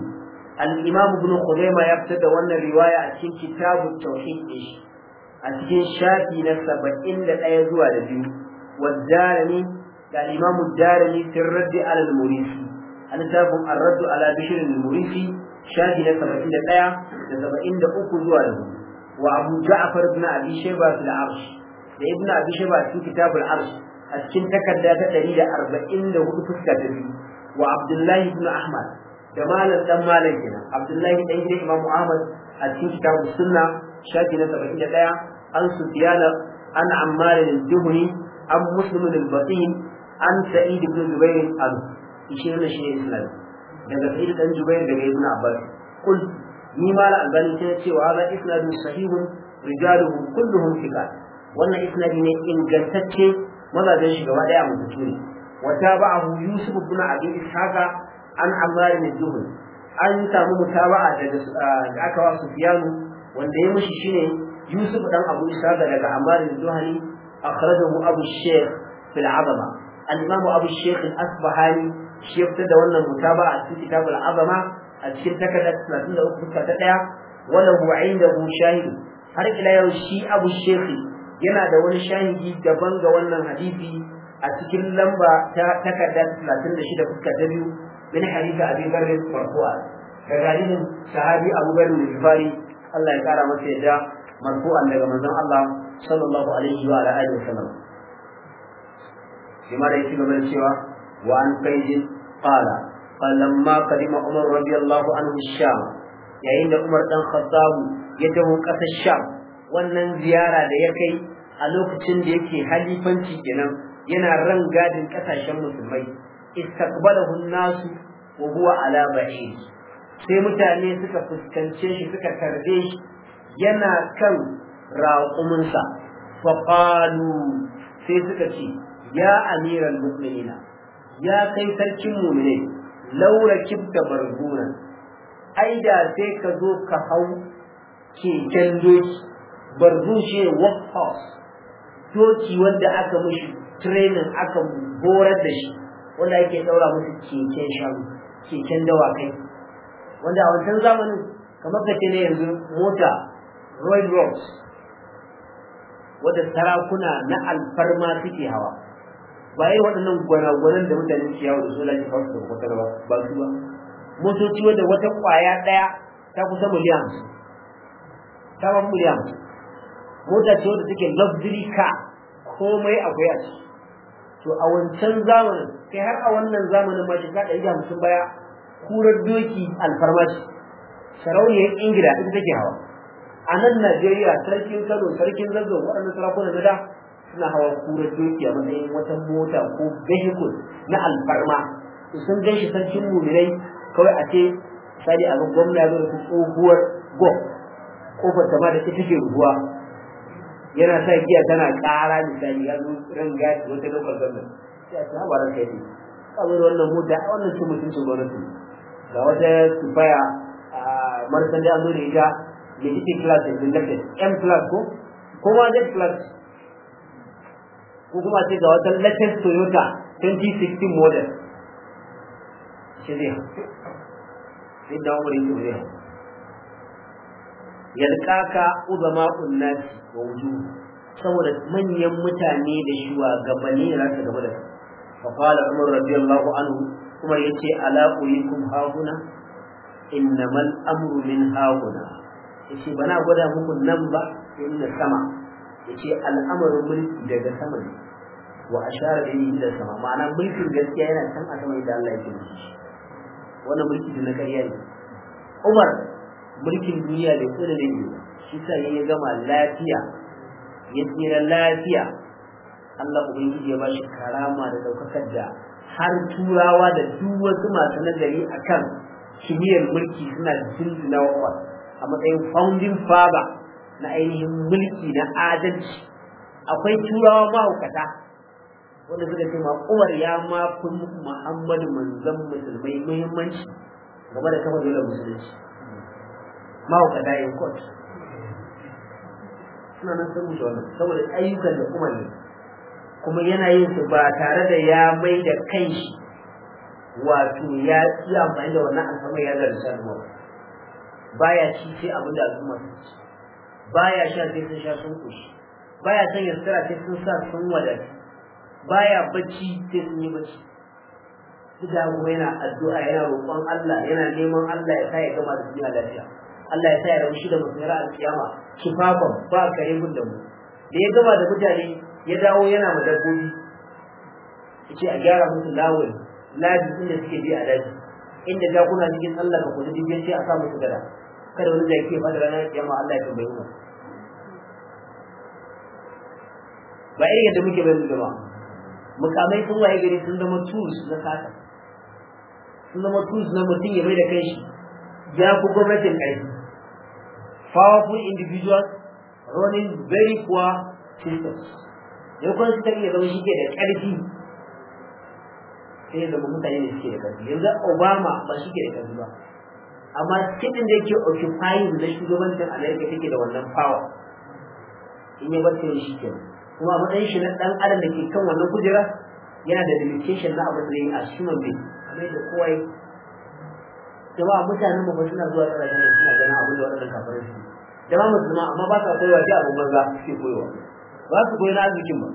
S1: al-imam ibn khuzaima ya fitar da wannan riwaya a cikin kitabut tauhid din a cikin shafi na 71 zuwa da biyu wadarani da al-imam ad-darani fi ar-radd ala al-murisi al-tabu ar-radd ala bishr al-murisi shafi na saba'in da ɗaya da saba'in da uku zuwa da wa abu ja'far ibn abi shayba fil arsh da ibn abi shayba cikin kitabul arsh a cikin takarda ta ɗari da arba'in da hudu fuska ta biyu wa abdullahi ibn ahmad da malam dan malam kenan abdullahi dan gidan imam ahmad a cikin kitabul sunna shafi na saba'in da ɗaya an sufiyana an ammar al-juhni an muslim al-batin an sa'id ibn jubair al-ishirin shi ne islam daga fili dan jubair daga ibn abbas kul ni ma la albani sai ce wa hada isnadu sahihun rijaluhu kulluhum thiqat wannan isnadi ne ingantacce mazajen shi gaba daya mutu ne wa tabahu yusuf ibn abi ishaqa an ammar bin juhud an samu mutaba'a daga ah, da aka wa sufyan wanda ya mushi shine yusuf dan abu ishaqa daga ammar bin juhani akhrajahu abu shaykh fil azama al-imam abu shaykh al-asbahani shi ya fitar da wannan ba a cikin kitabul azama a cikin takardar 33 fuska ta daya wala huwa indahu shahid har ila yau shi abu shekhi yana da wani shahidi daban ga wannan hadisi a cikin lamba ta takardar 36 fuska ta biyu min hadisi abi bakr marfu'a daga hadisin sahabi abu bakr al-ghifari Allah ya kara masa yadda marfu'an daga manzon Allah sallallahu alaihi wa alihi wa sallam da yake cewa وعن قيد Bala, فلما قدم عمر رضي الله عنه الشام yayin da Umar ɗan Khattab ya taho ƙasar Sham wannan ziyara da ya kai a lokacin da yake halifanci kenan yana ran gadin ƙasashen musulmai istaqbalahu an-nasu wa huwa ala sai mutane suka fuskance shi suka karbe shi yana kan raƙuminsa faƙalu sai suka ce ya amiral mu'minina ya kai sarkin mumine laura kibda barguna ai da sai ka zo ka hau keken doki bargun shi workhouse doki wanda aka mishi training aka borar da shi wanda ake daura musu keken shanu keken dawakai wanda a wancan zamanin kamar ka ce ne yanzu mota royal roads wadda sarakuna na alfarma suke hawa ba yi waɗannan gwanagwanan da mutane ke yawo da su lafi kawo da kwatar ba ba su ba motoci wanda wata ƙwaya ɗaya ta kusa miliyan ta ba miliyan mota ce wanda take luxury car komai akwai a ciki to a wancan zamanin kai har a wannan zamanin ma shi ka ɗari da hamsin baya kurar doki alfarmaci sarauniyar ingila ita take hawa a nan najeriya sarkin kano sarkin zazzau waɗannan sarakuna na da suna hawan kurar dukiya a matsayin wata mota ko vehicle na alfarma to sun gan shi sarkin muminai kawai a ce misali a gan gwamna ya zo da tsohuwar go kofar ta ma da ta take ruwa yana sa giya tana ƙara misali ya zo ran gashi wata local government sai a ce haɓa ran kai ne kawai wannan mota a wannan ce mutuncin gwamnati ga wata sufaya a martan da an zo da ita da take class in the M class ko ko ma Z class ko kuma ce ga wata latest Toyota 2016 model shi zai hau sai da umar yake zai hau yalƙaka uzama unnati wa wuju saboda manyan mutane da shugabanni za su gaba da fa qala umar radiyallahu anhu kuma yace ala urikum hauna innamal amru min hauna yace bana gwada muku nan ba inna sama yace al'amarin mulki daga sama ne wa ashara ilayhi da sama ma'ana mulkin gaskiya yana can a sama da Allah yake mulki wannan mulki na ƙarya ne Umar mulkin duniya da kuma da yi shi sa yayi gama lafiya ya tsira lafiya Allah ubangiji ya ba shi karama da daukakar da har turawa da duk wasu masu nagari akan kimiyyar mulki suna jinjina wa a matsayin founding father na ainihin mulki na adalci akwai turawa mahaukata wanda suka ce ma umar ya ma fi muhammadu manzan musulmai muhimmanci game da kafa dole musulunci mahaukata yin kot suna nan sun wuce wannan saboda ayyukan da kuma ne kuma yana yin su ba tare da ya mai da kanshi wato ya yi amfani da wannan alfama ya zarta ba ya ci sai abin da al'umma ta ci baya sha sai sun sha sun kushi baya son ya sutura sai sun sa sun wadatu baya bacci sai sun yi bacci duk da kuma yana addu'a yana roƙon Allah yana neman Allah ya sa ya gama da duniya lafiya Allah ya sa ya raushi da musulmi a kiyama kifafan ba kare mun da mu da ya gama da mutane ya dawo yana ma dabbobi yace a gyara musu lawai ladi inda suke bi a daji inda jakuna cikin Allah ka kula duk sai a sa musu gada kada wani zai ke bada ranar kiyama Allah ya tambaye mu ba irin yadda muke bayan ba. mukamai sun waye gari sun zama tools na sata sun zama tools na mutum ya mai da kai shi ya ku gwamnatin ƙarfi powerful individuals running very poor systems yau kwan su tafiya zama shi ke da ƙarfi sai ya zama mutane ne suke da ƙarfi yanzu obama ba shi ke da ƙarfi ba amma cikin da yake occupying na shugabancin America take da wannan power in ya bar shi ke kuma a matsayin shi na dan adam da ke kan wannan kujera yana da limitation na abin da ya a human being kamar da kowa ya jama'a mutanen mu suna zuwa ƙasashen da suna ganin abin da waɗannan shi. su mu suna amma ba sa koyarwa sai abin banza suke koyarwa ba su koyi na arzikin ba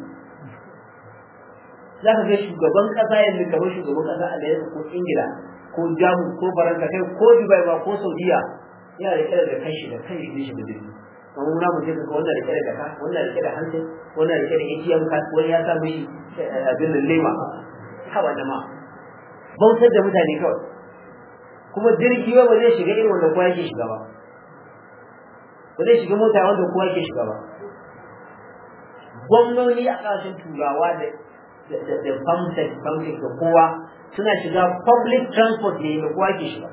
S1: za ka ga shugaban ƙasa yanzu kamar shugaban ƙasa a da ko ingila ko jamus ko faransa kai ko dubai ba ko saudiya yana da kyau da kanshi da kanshi ne shi da dubi kamar muna mutum ka wannan rike da jaka wannan rike da hanci wannan rike da ATM card wani ya sa mishi eh, abin da lema da ma bautar da mutane kawai kuma jirgi ba ba zai shiga irin wanda kowa yake shiga ba ba zai shiga mota wanda kowa yake shiga ba gwamnoni a ƙasashen turawa da da da da kowa suna shiga public transport ne da kowa ke shiga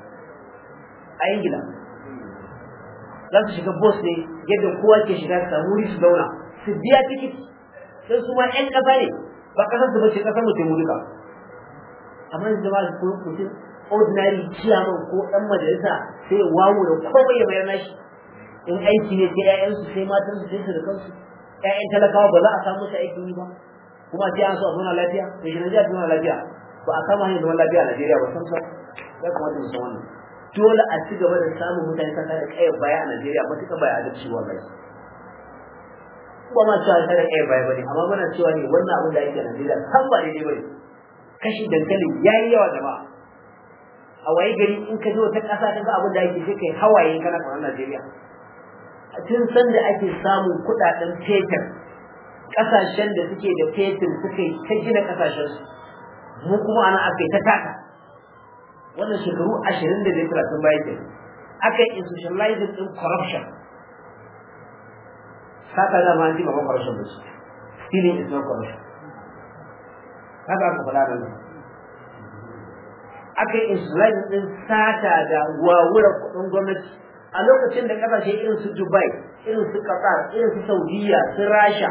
S1: a ingila za su shiga bus ne yadda kowa ke shiga su samu wuri su zauna su biya tikit sai su ma 'yan ƙasa ne ba ƙasar su ba ce ƙasar mutum duka amma yanzu ba su kuma mutum ordinary chairman ko ɗan majalisa sai wawo da komai ya bayar nashi in aiki ne sai 'ya'yansu sai matansu sai su da kansu 'ya'yan talakawa ba za a samu su aiki ba kuma sai an so a zauna lafiya da shi na jiya zauna lafiya ba a kama hanyar zaman lafiya a Najeriya ba sam san ya kamata mu san wannan dole a ci gaba da samun mutane ta da kayan baya a Najeriya ba tuka baya da ciwon rai ba ma cewa kada kayan baya ne, amma muna cewa ne wannan abin da yake a Najeriya san ba ne. bane kashi ya yi yawa jama'a a waye gari in ka zo ta ƙasa ka ga abin da ake kai hawaye kana kamar Najeriya A tun san da ake samun kuɗaɗen fetur ƙasashen da suke da fetur suka yi ta gina ƙasashensu mu kuma ana aka ta taka wannan shekaru ashirin da zai sun baya ke aka yi institutionalizing din corruption sata da ma ji ba corruption ba shi stealing is not corruption haka aka faɗa nan aka yi institutionalizing din sata da wawura kuɗin gwamnati a lokacin da kasashe irin su Dubai irin su Qatar irin su Saudiya su Rasha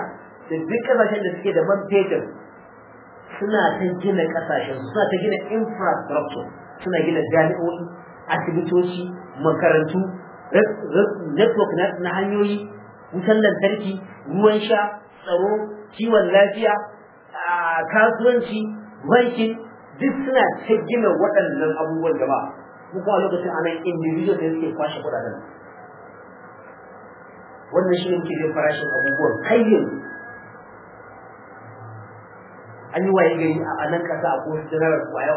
S1: da duk kasashen da suke da man fetur suna ta gina kasashen suna ta gina infrastructure suna gina jami'o'i asibitoci makarantu network na hanyoyi wutan lantarki ruwan sha tsaro kiwon lafiya kasuwanci bankin duk suna ta gina waɗannan abubuwan gaba mu kuma lokacin anan individual da suke kwashe kudaden. wannan shi ne muke farashin abubuwan kai yanzu an yi waye gari a nan kasa a ko janar kwaya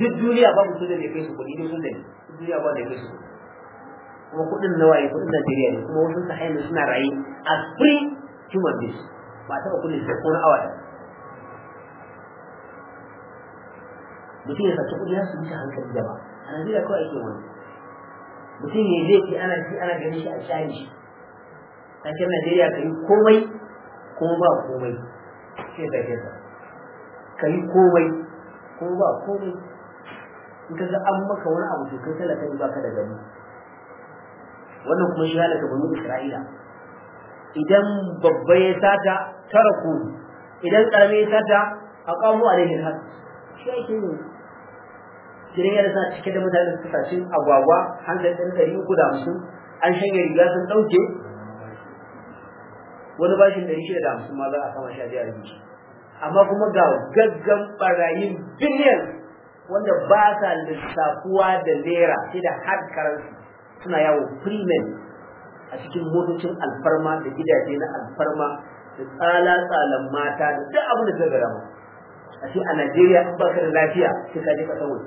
S1: duk duniya mu su da ne kai su kuɗi ne sun da ne duniya ba da kai su kuma kuɗin na waye kuɗin Najeriya ne kuma wasu sahayin suna raye a free human beings ba taɓa su da kuma awa da mutum ya sace kuɗi su wuce hankali da ba a Najeriya kawai ake wani mutum ne zai ce ana ci ana ganin shi a shayi shi a cikin Najeriya ka yi komai kuma ba komai sai ka kesa kai komai ko ba komai in ka an maka wani abu to kai talaka ne baka da gani wannan kuma shi halaka bani Isra'ila idan babba ya sata taraku idan karami ya sata aqamu alaihi alhaq shi ake yi kire ya sa cike da mutanen suka sace agwagwa da dan ɗari uku da hamsin an shanye riga sun ɗauke wani bashin ɗari shida da hamsin ma za a kama shi a da Bauchi amma kuma ga gaggan barayin biliyan wanda ba sa lissafuwa da naira sai da hankaransu suna yawo freeman a cikin motocin alfarma da gidaje na alfarma da tsala-tsalan mata da duk abin da zai mu a ce a Najeriya in ka da lafiya sai ka je ka sauri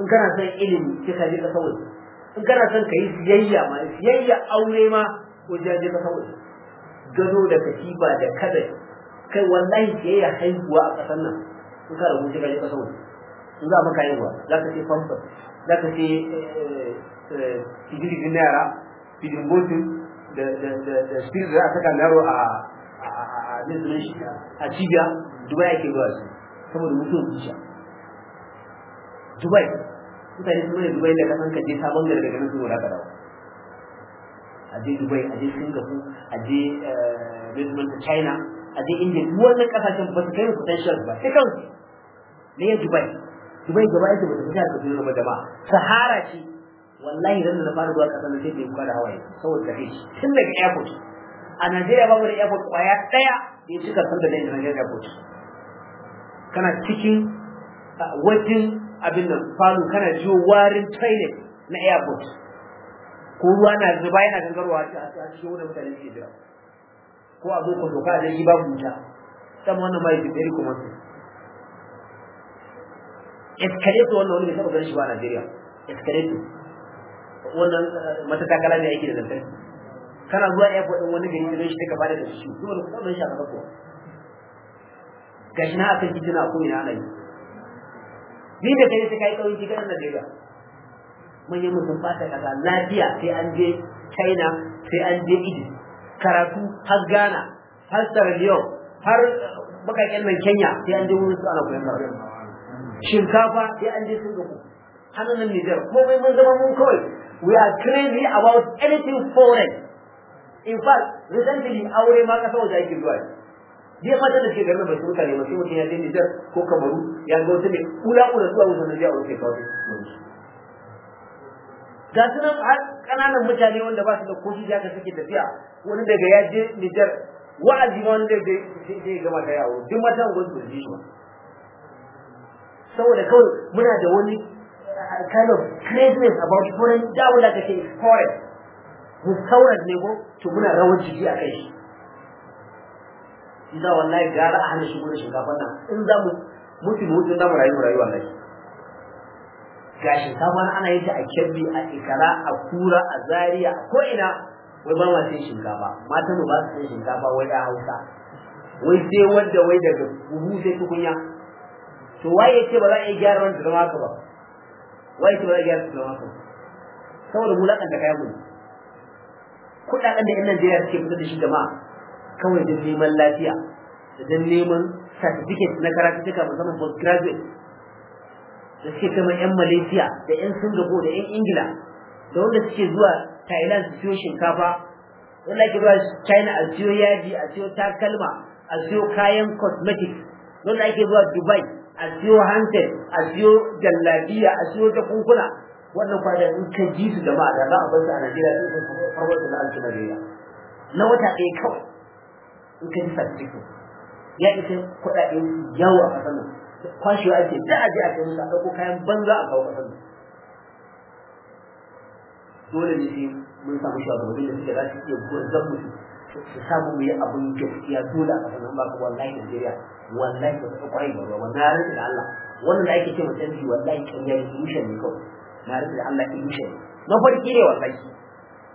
S1: in kana son ilimi sai ka je ka sauri in kana son ka yi siyayya ma siyayya aure ma ko je ka sauri gado da ba da kadai kai wallahi ke ya haihuwa a ƙasar nan in ka rabu jira ya ƙasa wani in za a maka haihuwa za ka ce famfa za ka ce digirgin eh, eh, na yara fidin botin da spirit da za a saka yaro a a cibiya dubai ake zuwa su saboda mutum zuciya dubai mutane sun mai dubai da kasan kaje sabon gari daga nan sun wura ka a je dubai a je singapore a je eh, china a inda duk wannan kasashen ba su kai potential ba sai kan ne ya dubai dubai gaba yake ba ta fita da duniya ba jama'a sahara ce wallahi dan da na fara zuwa kasan sai da kuka da hawaye saboda kai shi tun daga airport a Najeriya babu da airport kwaya daya da ya ci san da dai Najeriya airport kana cikin wajen abin nan falu kana jiwo warin toilet na airport ko ruwa na zuba yana gangarwa a cikin wani mutane ke jira ko a zo ku doka a jirgi babu wuta dan wannan mai yake tsari kuma su escalator wannan wani bai taɓa shi ba a Najeriya escalator wannan eh, matakakala ne aiki da zanta kana zuwa airport din wani gari ne shi take bada da shi kuma da kuma shi a gaba ko gashi na akan titina ko ina ana yi ni da kai sai kai nan da Najeriya manyan mutum ba ta kaza lafiya sai an je China sai an je Egypt karatu har Ghana har Sierra Leone har bakaken nan Kenya sai an je wurin su ana koyon karatu shinkafa sai an je Singapore hannun nan Niger komai mun zama mun kawai we are crazy about anything foreign in fact recently aure ma kasa waje ake zuwa bai mata da ke garin basu mutane ba mutum ya je Niger ko Kamaru ya ga wata ne ula ula zuwa wajen da zai aure kai kawai ga su nan ƙananan mutane wanda ba su da kofi da suke tafiya wani daga ya je Nijar wa'azi ma wani daga ya gama da yawo duk matan gwamnati ba su shi saboda kawai muna da wani uh, kind of craziness about foreign da wanda ka foreign mu kauran ne ko to muna rawar jiki a kai shi ina wallahi gara a hana shi gurin shinkafa nan in za mu mutu mutu na mu rayu rayu wallahi gashi shinkafa ana yi ta a kebbi a ikara a kura a zaria a ko'ina wai ba ma sai shinkafa matan ba su sai shinkafa wai da hausa wai sai wanda wai daga buhu sai tukunya to waye ce ba za a yi gyara wani zama ba waye ce ba za a gyara zama haka ba saboda mulakan da kayan gudu kudaden da yan Najeriya suke fitar da shi jama'a kawai don neman lafiya da don neman certificate na karatu duka musamman postgraduate da suke kamar yan malaysia da yan singapore da yan ingila da wanda suke zuwa thailand su siyo shinkafa wanda ake zuwa china a siyo yaji a siyo takalma a siyo kayan cosmetic wanda ake zuwa dubai a siyo hansen, a siyo jallabiya a siyo jakunkuna wannan kwanan in ka ji su jama'a da za a bar su a najeriya sun samu farwar da na najeriya na wata ɗaya kawai in ka ji sa ciki ya isa kuɗaɗe yawa a kwashewa ake da aje a kai musu a ɗauko kayan banza a kawo ƙasar dole ne sai mun samu shugabannin da suke za su iya gwarzon mutu su samu mu yi abin gaskiya dole a ƙasar nan ba ka wallahi Najeriya wallahi ba ta kwarai ba wannan ya rantsa da Allah wannan da ake ce ma canji wallahi ƙarya ne illusion ne kawai na rantsa da Allah illusion ne mafarki ne wallahi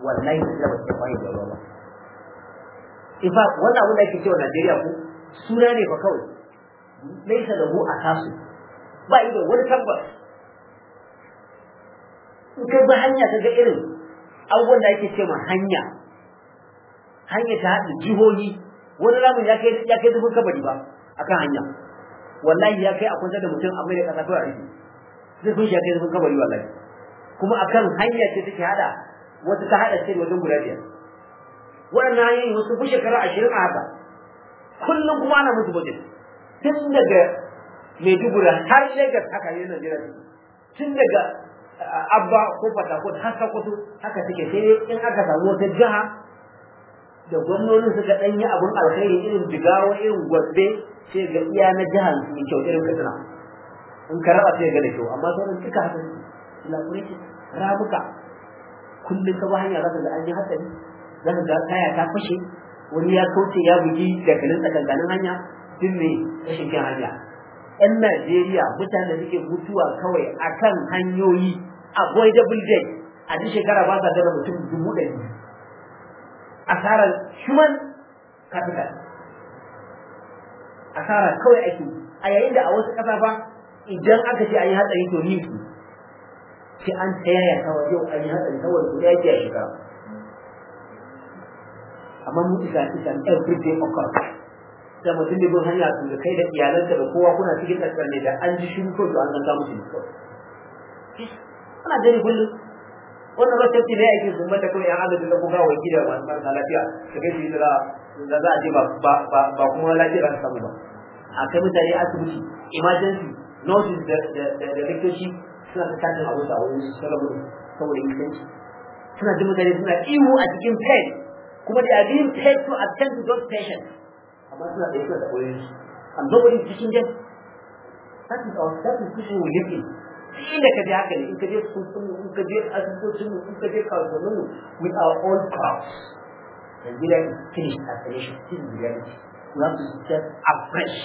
S1: wallahi da ba ta kwarai ba ba in fa wannan abin da ake ce wa Najeriya ko suna ne fa kawai laisa lahu asasu ba ido wani tabbas in ka bi hanya ka ga irin abubuwan da ake cewa hanya hanya ta haɗu jihohi wani ramin ya kai ya kabari ba akan hanya wallahi ya kai a kunta da mutum amma da kasa a rufe zai kun ya kai dubun kabari wallahi kuma akan hanya ce take hada wata ta hada ce wajen guda biyar waɗannan hanyoyi wasu fi shekara ashirin a haka kullum kuma ana musu budget tun daga Maiduguri har Lagos haka yi Najeriya tun daga uh, Abba ko Fatakot har Sokoto haka suke sai in aka samu wata jiha da gwamnonin suka ɗan yi abun alkhairi irin jigawa irin gwabbe sai ga iya na jiha su kyau irin katsina in ka raba sai ga da kyau amma sauran duka haka lakureci ramuka kullum ka ba hanya zaka ga an yi hatsari zaka ga kaya ta fashe wani ya kauce ya bugi kanin tsakankanin hanya din ne rashin kan hanya yan Najeriya mutane suke mutuwa kawai akan hanyoyi avoidable death a duk shekara ba sa gana mutum dubu ɗari asarar human capital Asarar kawai ake a yayin da a wasu ƙasa ba idan aka ce an yi hatsari to ni sai an tsayaya kawai yau an yi hatsari kawai ko ya ke shiga amma mu isa isa everyday occurrence da mutum bin hanya su kai da iyalanta da kowa kuna cikin tsakar ne da an ji shi ko da an zanta musu kawai ana ni kullum wannan rashin ne ake zumba ta kawai an adadin da kuka da gida marasa lafiya su kai shi da da za a je ba kuma lafiya za ta samu ba a kai mutane asibiti emergency nurses da likitoci suna ta kajin abu da wani salabu saboda inganci suna jin mutane suna ihu a cikin pain kuma da abin paid to attend to those patients amma suna da suna da koyon shi and nobody is teaching them that is our that is teaching we live in da ka je haka ne in ka je sun in ka je asibitocin mu in ka je kasuwannin mu with our own crowds Nigeria is finished as a nation this is reality we have to start afresh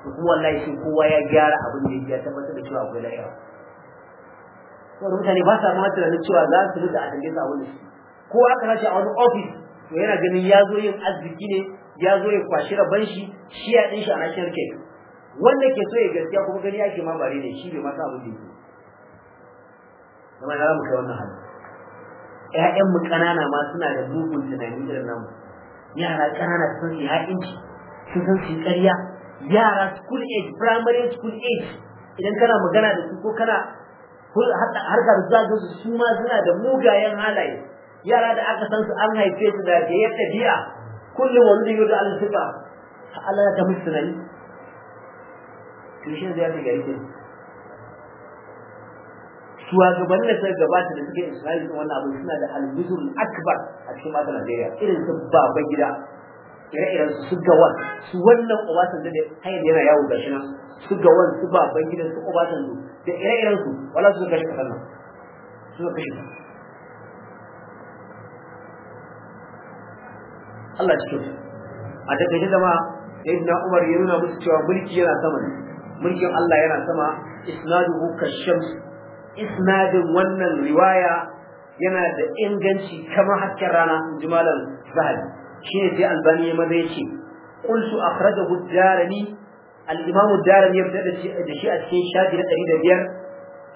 S1: kuma wallahi sai kowa ya gyara abin da ya tabbatar da cewa akwai lafiya saboda mutane ba sa ma tunanin cewa za su rika a tambaye su abin da su ko aka rashi a wani ofis to yana ganin ya zo yin arziki ne ya zo ya kwashi rabon shi shi ya din shi a national cake wanda ke so ya gaskiya kuma gani yake ma bare ne shi bai ma sa abin da yake kuma na mu kai wannan hali ƴaƴan mu kanana ma suna da bugun tunani da namu yara kanana sun yi haƙinci sun san su ƙarya yara school age primary school age idan kana magana da su ko kana harkar zaga su su ma suna da mugayen halaye yara da aka san su an haife su da da yadda biya كل مولود يولد على الفطرة الله يتمسني tushen zai ta gari ne shugabannin da suka gabata da suke Isra'ila da wannan abu suna da albizur akbar a cikin mata Najeriya irin su baba gida ire-iren su su gawan su wannan Obasanjo da kai da yana yawo gashi nan su gawan su baba gidan su Obasanjo da ire-iren su wala su kashe kasar nan su kashe Allah cikin a takaice zama sayyidina Umar ya nuna musu cewa mulki yana sama ne mulkin Allah yana sama isnaduhu shams isnadin wannan riwaya yana da inganci kamar hasken rana jimalan zahabi shi ne sai albani ya maza ya ce qultu akhrajahu ad-darimi al ya fita da shi a cikin shafi na biyar,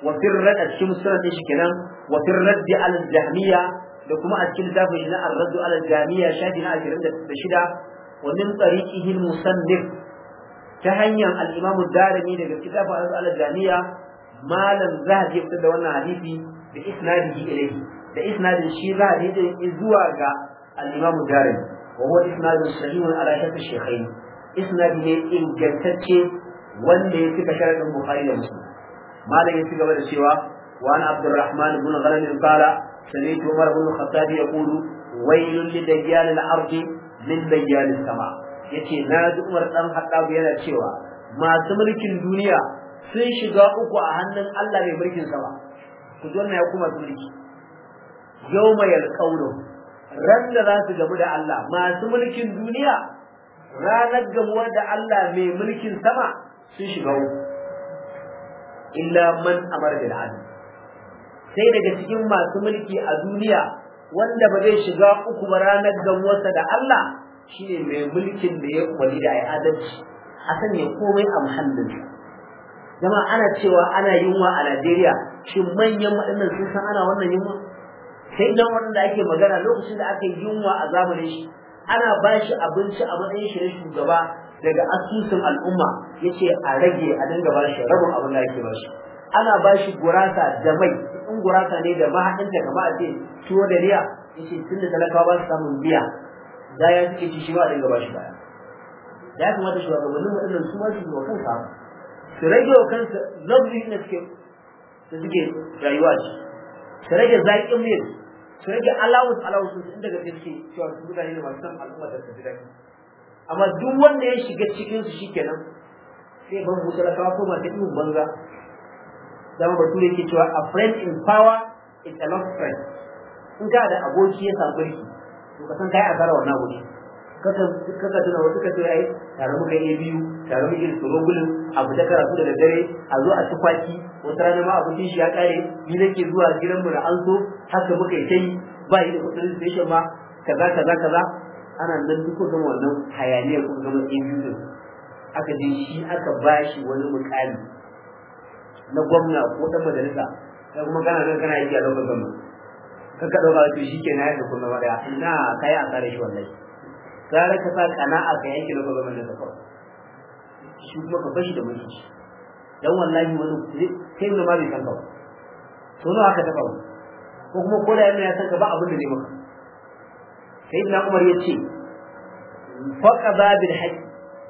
S1: wa firrat a cikin sunan shi kenan wa firrat al-jahmiya da kuma a cikin littafin na ar-raddu ala jamia shafi na 26 wa min tariqihi al-musannif ta hanyar al-imam daga kitabun ar-raddu ala jamia malam za zahabi fitar da wannan hadisi da isnadihi ilayhi da isnadin shi za zahabi din zuwa ga al-imam ad-darimi wa huwa isnadun sahihun ala shart ash-shaykhayn ne ingantacce wanda ya cika sharadin bukhari da muslim malam ya ci gaba da cewa wa an abdurrahman ibn ghalan qala سمعت عمر بن الخطاب يقول ويل لديال الارض من ديال السماء yace na ji Umar dan Khattab yana cewa masu mulkin duniya sun shiga uku a hannun Allah mai mulkin sama ku ji ya kuma mulki yawma yalqawlu ran za su gamu da Allah masu mulkin duniya ranar gamuwar da Allah mai mulkin sama sun shiga uku illa man amar bil adl sai daga cikin masu mulki a duniya wanda ba zai shiga uku ba ranar gamuwarsa da Allah shi ne mai mulkin da ya kwali da adalci a sanya komai a muhallin jama'a ana cewa ana yunwa a Najeriya shin manyan waɗannan sun san ana wannan yunwa sai dan wanda ake magana lokacin da aka yi yunwa a zamanin shi ana ba shi abinci a matsayin shi na shugaba daga asusun al'umma yace a rage a dinga ba shi rabin abin da ake ba shi ana ba shi gurasa da mai in gurasa ne da ta gaba a ce tuwo da riya ya ce tun da talakawa ba su samun biya da ya suke ci shi ba a dinga ba shi baya ya kamata shi shugabannin waɗannan su ma su yi wa kansa su rage wa kansa luxury na suke su suke rayuwa ci su rage zaƙin mil su rage alawus-alawus su inda gaske suke cewa su mutane ne masu san al'umma da su daɗi amma duk wanda ya shiga cikin su shikenan sai ban hutu kawo ko masu ihun banza zama batu yake cewa a friend in power is a lost friend in ka da aboki ya samu ki to ka san kai tsara wannan aboki ka kaka tuna wasu ka tuna yi tare muka yi biyu tare muka yi surogulin abu da karatu daga dare a zo a tufaki wata rana ma abincin shi ya kare ni nake zuwa gidan mu da an zo haka muka yi tai ba yi da kudin station ma kaza kaza kaza ana nan duk gama wannan hayaniyar kuma gama in aka ji shi aka bashi wani mukami na gwamna ko ɗan majalisa sai kuma kana nan kana yi a lokacin gwamna kan ka ɗauka wato shi ke na yadda kuma ba ina ka yi asarar shi wallahi tsare ka sa a ka yanke lokacin gwamna da kawai shi kuma ka bashi da mutunci dan wallahi wani kai ne ma bai san ka ba to nawa haka taɓa ba? ko kuma ko da yana ya san ka ba abin da ne maka ibn umar ya ce faqa babil haqq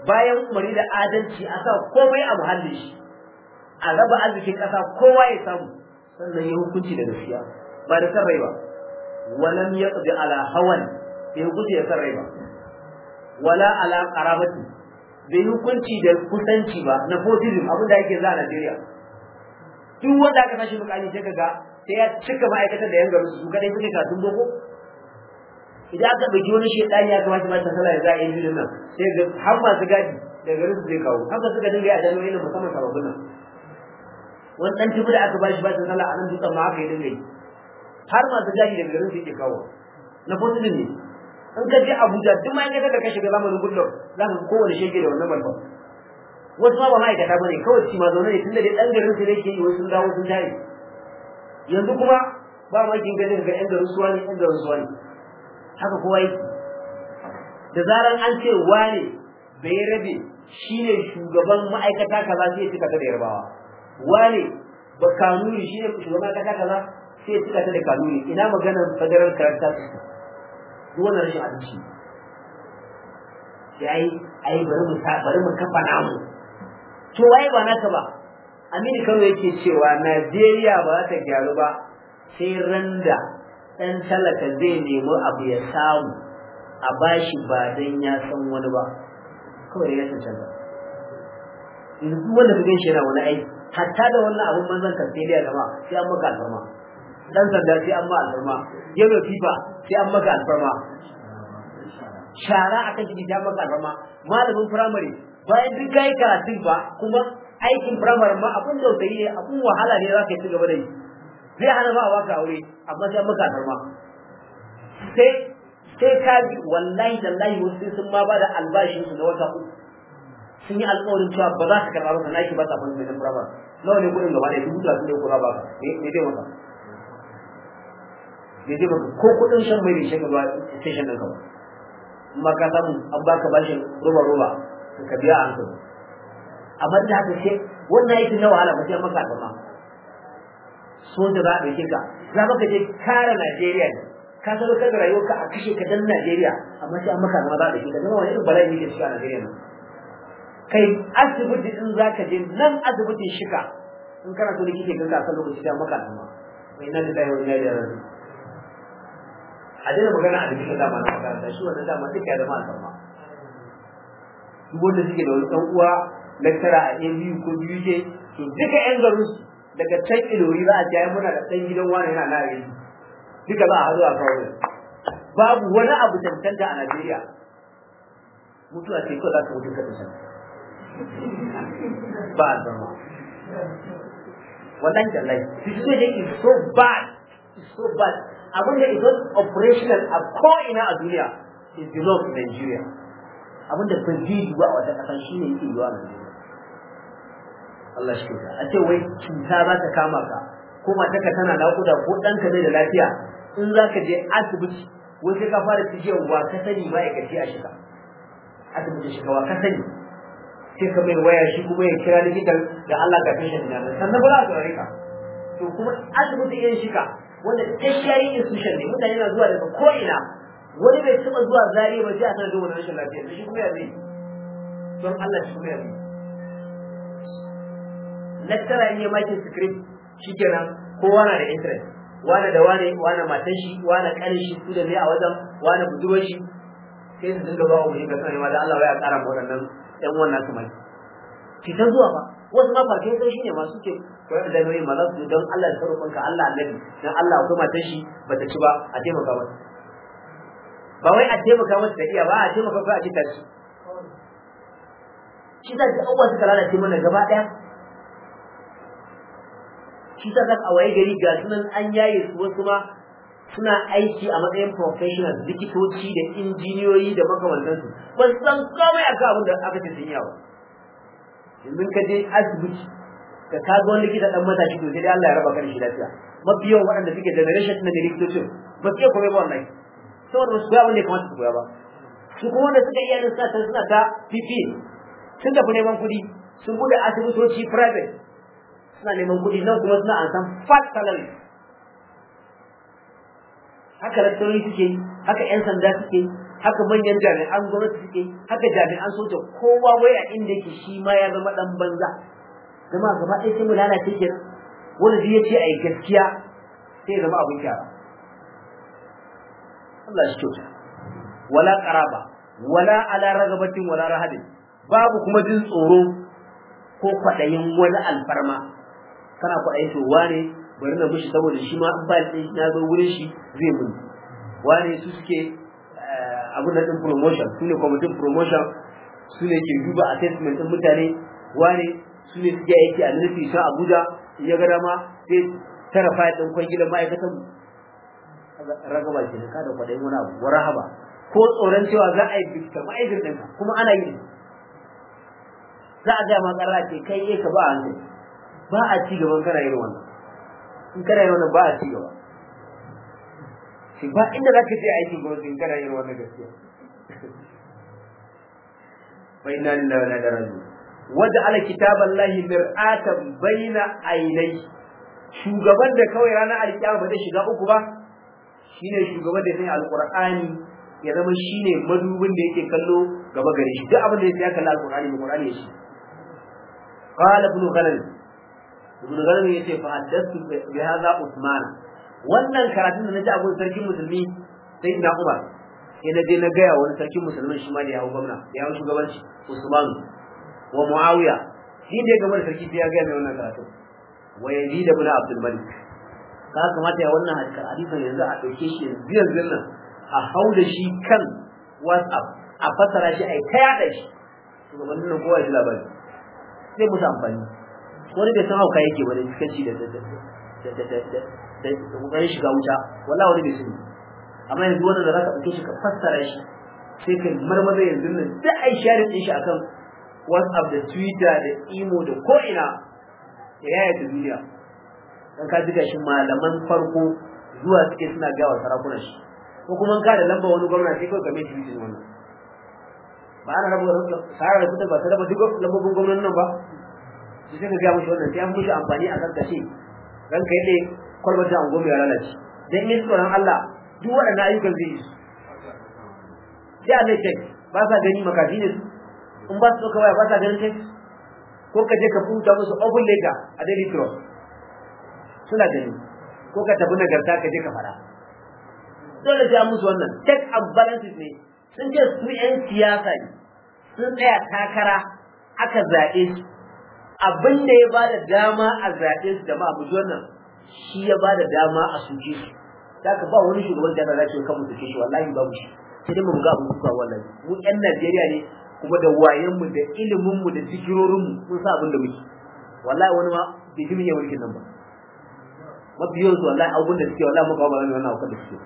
S1: bayan umari da adalci aka komai a muhallin shi a raba arzikin ƙasa kowa ya samu sannan ya hukunci da gaskiya ba da san rai ba walam yaqdi ala hawan bai hukunci da san rai ba wala ala karamatu bai hukunci da kusanci ba na nepotism abinda yake za a Najeriya duk wanda aka tashi mukami sai kaga sai ya cika ma'aikatan da yan garin su kadai suke katun boko idan aka bugi wani shedani aka kamata mata sallah ya za a yi nan sai ga har masu gadi da garin su zai kawo haka suka dinga yi a jami'o'in musamman sababbin nan wani ɗan tibu da aka bashi bashin sallah a nan dutsen ma haka ya dinga yi har masu jari daga garin su yake kawo na kotu ne in ka je abuja duk ma yanka da ka shiga zamanin gullon za ka kowane shege da wannan balbal wasu ma ba ma'aikata ba ne kawai ci ma zaune ne tunda dai ɗan garin su ne ke yi wasu dawo sun tare yanzu kuma ba ma kin gani ga ɗan garin suwa ne ɗan garin suwa ne haka kowa yake da zarar an ce wane bai rabe shine shugaban ma'aikata kaza sai ya cika ta da yarbawa wane ba kanuni shi ne na kaka kaza sai ya cika ta da kanuni ina maganar federal character duk wannan rashin abinci sai yi bari mu bari mu kafa namu to waye ba naka ba Aminu Kano yake cewa Najeriya ba za ta gyaru ba sai randa ɗan talaka zai nemi abu ya samu a bashi ba don ya san wani ba kawai ya canza yanzu wanda ka gan shi yana wani aiki hatta da wannan abun manzon da zama sai an maka alfarma dan sanda sai an maka alfarma yellow fifa sai an maka alfarma shara akan shi an maka alfarma malamin primary bayan duk kai karatu ba kuma aikin primary ma abun da sai abun wahala ne za ka ci gaba da yi zai hana ba waka aure amma sai an maka alfarma sai sai ka ji wallahi da lahi wasu sun ma ba da albashin su na wata uku sun yi alƙawarin cewa ba za ka karɓa ba kana shi ba sabon mai nafura ba nawa ne kuɗin gaba ne dubu talatin ne kuma ba ne zai maka ne zai maka ko kuɗin shan mai ne shi gaba station shan kawai amma ka samu an ka bashin roba roba ka biya an hankali amma da haka ce wannan yake na wahala ba sai maka so da za a ɗauke ka za maka je kare Najeriya ne ka sadaukar da rayuwarka a kashe ka dan Najeriya amma sai an maka alƙama za a ɗauke ka zama wani irin bala'i ne ke shiga Najeriya ne kai asibiti in za ka je nan asibitin shika in kana so likita ka kasa lokaci da maka amma mai nan da yau ne da ran a dina magana a da dama na makaranta shi wannan dama duk ya zama sama. duk wanda suke da wani dan uwa lektara a ABU ko BUJ to duka yan garin daga can ilori za a ji ai muna da dan gidan wani yana na yi duka za a hazo a kawo babu wani abu tantanta a Najeriya mutuwa ce ko za ka mutu ka tantanta ba zama wannan jallai fishe da is so bad is so bad abin da is not operational a ko'ina a duniya is below Nigeria abin da ta zai yiwuwa a wata ƙasa shi ne yake yiwuwa Nigeria Allah shi kuka a ce wai cuta za ta kama ka ko matarka tana naƙuda ko ɗanka zai da lafiya in za ka je asibiti wai sai ka fara tijiyar wa ka sani ma'aikaci a shiga asibitin shiga wa ka sani sai ka mai waya shi kuma ya kira likitan da Allah ga fashin da sannan ba za su rika to kuma asibiti yin shika wanda tertiary institution ne mutane na zuwa daga ko'ina wani bai taɓa zuwa zariya ba sai a sanar da wani rashin lafiya shi kuma ya zai don Allah shi kuma ya zai lecturer in ya makin script kenan kowa na da interest wani da wani wani matan shi wani kanin shi su da ne a wajen wani budurwar shi sai su dinga ba wa ga sanar da Allah ya ƙara waɗannan ɗan wannan su mai ki ta zuwa ba wasu ma farkai sai shine masu ke koyar da nauyi ma su don Allah ya sarrafa ka Allah annabi don Allah akwai ta shi ta ci ba a taimaka mata ba wai a taimaka mata ta iya ba a taimaka ba a ci ta ci shi ta ji abubuwa suka lalace mana gaba ɗaya shi ta zaka a waye gari ga sunan an yaye su wasu ma suna aiki a matsayin professional likitoci da injiniyoyi da makamantansu ba su san komai a abin da aka ce sun yawa yanzu ka je asibiti da ka ga wani likita dan matashi to sai dai Allah ya raba da shi lafiya mafi yawan waɗanda suke da rashin na da likitocin ba su iya komai ba wallahi saboda su ga wanda ya kamata su koya ba su kuma wanda suka iya nan suna suna ta fifi sun tafi neman kuɗi sun bude asibitoci private suna neman kuɗi nan kuma suna an san fat salary haka rattori suke yi haka yan sanda suke yi haka manyan jami'an gwamnati suke yi haka jami'an soja kowa wai a inda yake shi ma ya zama dan banza zama gaba ɗaya sai mu lalace kenan wanda zai ce ai gaskiya sai ya zama abin kyara Allah shi kyauta wala qaraba wala ala ragabatin wala rahadin babu kuma jin tsoro ko kwaɗayin wani alfarma kana kwaɗayin to wane bari na mushi saboda shi ma ba shi na zo wurin shi zai mun wani su suke abin da din promotion sune ne kwamitin promotion su ne ke duba assessment din mutane wani su ne suke aiki a nufi sun abuja ya ga dama sai tara fa din kwangilan ma'aikatan ragaba ke ka da kwaɗayin wani abu wa ko tsoron cewa za a yi biska ma'aikin ka kuma ana yi za a ga ma ƙarra ce kai eh, ka ba a ba a ci gaban kana yin wannan in kana yin wannan ba a ci gaba shi ba inda zaka je aikin yi in kana yin wannan gaskiya fa inna lillahi wa inna ilaihi raji'un waja'al kitaballahi mir'atan baina ainihi. shugaban da kawai ranar alkiyama ba zai shiga uku ba shine shugaban da sai Alƙur'ani, ya zama shine madubin da yake kallo gaba gare shi duk abin da ya kalla alqur'ani alqur'ani shi qala ibn ghalib ibn ghanam yace fa haddathu bi hadha usman wannan karatun da naji abun sarkin musulmi sai ina umar sai na je na gaya wani sarkin musulmin shi ma da yawo gwamna ya yawo shugabanci usman wa muawiya shi da gaban sarki ya gaya mai wannan karatu wa yazid ibn abdul malik ka kamata ya wannan hadisin yanzu a dauke shi yanzu yanzu nan a hauda shi kan whatsapp a fassara shi a yi ta yaɗa shi shugabannin kowa shi labari sai musu amfani wani bai san hauka yake wani cikanci da kokarin shiga wuta wala wani bai sani amma yanzu wannan da zaka ɗauke shi ka fassara shi sai kai marmaza yanzu nan sai ai share din shi akan WhatsApp da Twitter da Imo da ko ina ya yaya da duniya dan ka ji shi malaman farko zuwa suke suna gawa sarakunan shi ko kuma ka da lamba wani gwamna sai kai game da shi wannan ba ana rabu da sarar da ba ta rabu duk lambobin gwamnatin nan ba sai ka gaya musu wannan sai an mushi amfani a kan kashe ran kai ne kwalbar a angon ya lalace dan yin tsoron Allah duk waɗannan ayyukan zai yi su. sai Allah ya ba sa gani makafi ne su in ba su ɗauka waya ba sa gani kai ko ka je ka futa musu open letter a daily cross suna gani ko ka tafi nagarta ka je ka faɗa. dole sai an musu wannan check and balances ne sun ce su 'yan siyasa ne sun tsaya takara aka zaɓe su abin da ya ba da dama a zaɓe su jama'a mu nan, shi ya ba da dama a suke su da ka ba wani shugaban da za ce kamun suke shi wallahi mu shi sai dai mu ga abin kuka wallahi mu ƴan Najeriya ne kuma da wayanmu, da iliminmu, da zikirorin sun mun sa abin da muke wallahi wani ma bai ji ya mulkin nan ba mabiyan su wallahi abin da suke wallahi muka ba wani wannan abu da suke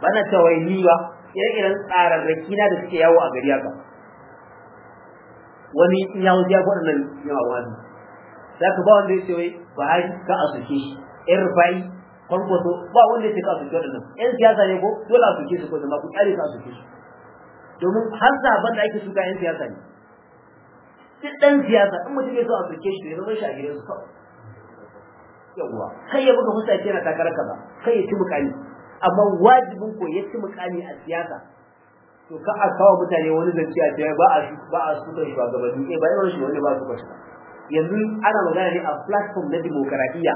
S1: bana tawayi ba ire-iren tsararraki na da suke yawo a gari haka wani in ya wuce ya faɗa nan yawa wani za ka ba wanda ya ce wai buhari ka a suke shi yan rufai kwankwaso ba wanda ya ce ka a suke waɗannan yan siyasa ne ko dole a suke su ko zama ku ƙyale ka a suke su domin har zaben da ake suka yan siyasa ne duk ɗan siyasa in mutum ya zo a suke shi to ya zama shi a gidansu kawai yawwa kai ya buga husaci yana takarar ba, kai ya ci muƙami, amma wajibin ko ya ci muƙami a siyasa to ka a kawo mutane wani zance a ce ba a ba a suka shugabanni eh ba yawan shi wanda ba su ba yanzu ana magana ne a platform na demokaradiyya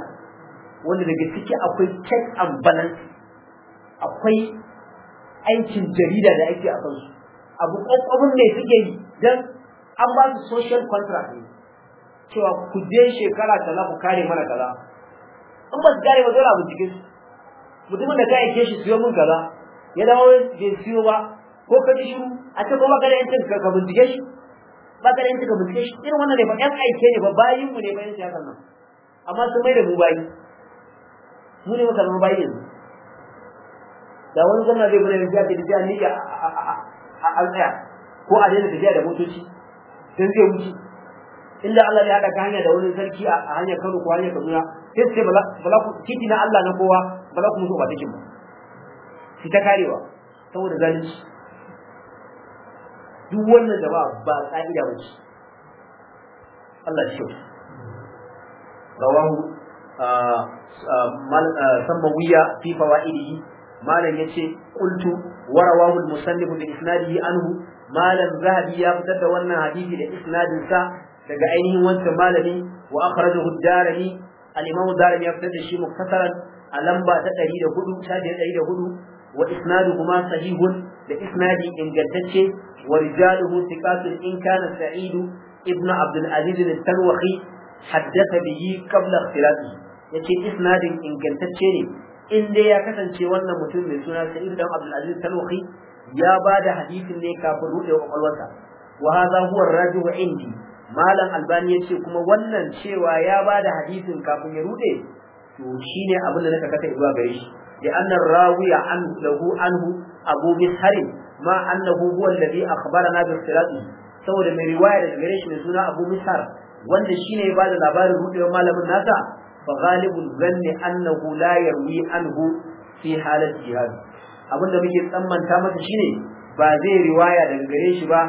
S1: wanda daga ciki akwai check and balance akwai aikin jarida da ake a kansu abu kwakwabin ne suke yi don an ba su social contract ne cewa ku je shekara ta ku kare mana kaza in ba su kare ba dole abu cikin mutumin da ka aike shi yi mun kaza ya dawo bai siyo ba ko ka ji shiru a ce ko magana yancin ka ka bincike shi magana yancin ka bincike shi irin wannan ne ba ƴan aike ne ba bayin mu ne bayan siyasa nan amma sun mai da mu bayi mu ne muka zama bayi yanzu da wani gwamna zai bude tafiya ta tafiya ni a tsaya ko a daina tafiya da motoci don zai wuce inda Allah ya haɗa ka hanya da wani sarki a hanyar Kano ko hanyar Kaduna sai sai bala ku titi na Allah na kowa bala ku mutu ba take ba fita karewa saboda zalunci duk wannan da ba ba ka'ida ba ce Allah shi rawahu sammawiya fi fawaidihi malam yace qultu wa rawahu al-musannif bi isnadihi anhu malam zahabi ya fitar da wannan hadisi da isnadin sa daga ainihin wancan malami wa akhrajahu ad-darimi al-imam ad-darimi ya fitar da shi mukassaran a lamba ta 104 ta 104 wa ma sahihun da isnadi ingantacce wa rijaluhu thiqatun in kana Sa'idu ibn abd al-aziz al-talwahi haddatha bihi qabla ikhtilafi yace isnadin ingantacce ne in dai ya kasance wannan mutum mai suna sa'id ibn abd al-aziz al-talwahi ya bada hadisin ne kafin rudewa kwakwalwarsa wa hadha huwa ar-rajihu indi malam albani yace kuma wannan cewa ya bada hadisin kafin ya rude to shine abin da naka kasa zuwa gare shi لأن الراوي عنه له عنه أبو مسهر ما أنه هو الذي أخبرنا باختلاطه saboda mai riwaya da gare shi mai suna Abu Misar wanda shine ya bada labarin rubewar malamin nasa fa ghalibul zanni annahu la yarwi anhu fi halat Abin da muke tsammanta masa shine ba zai riwaya daga gare shi ba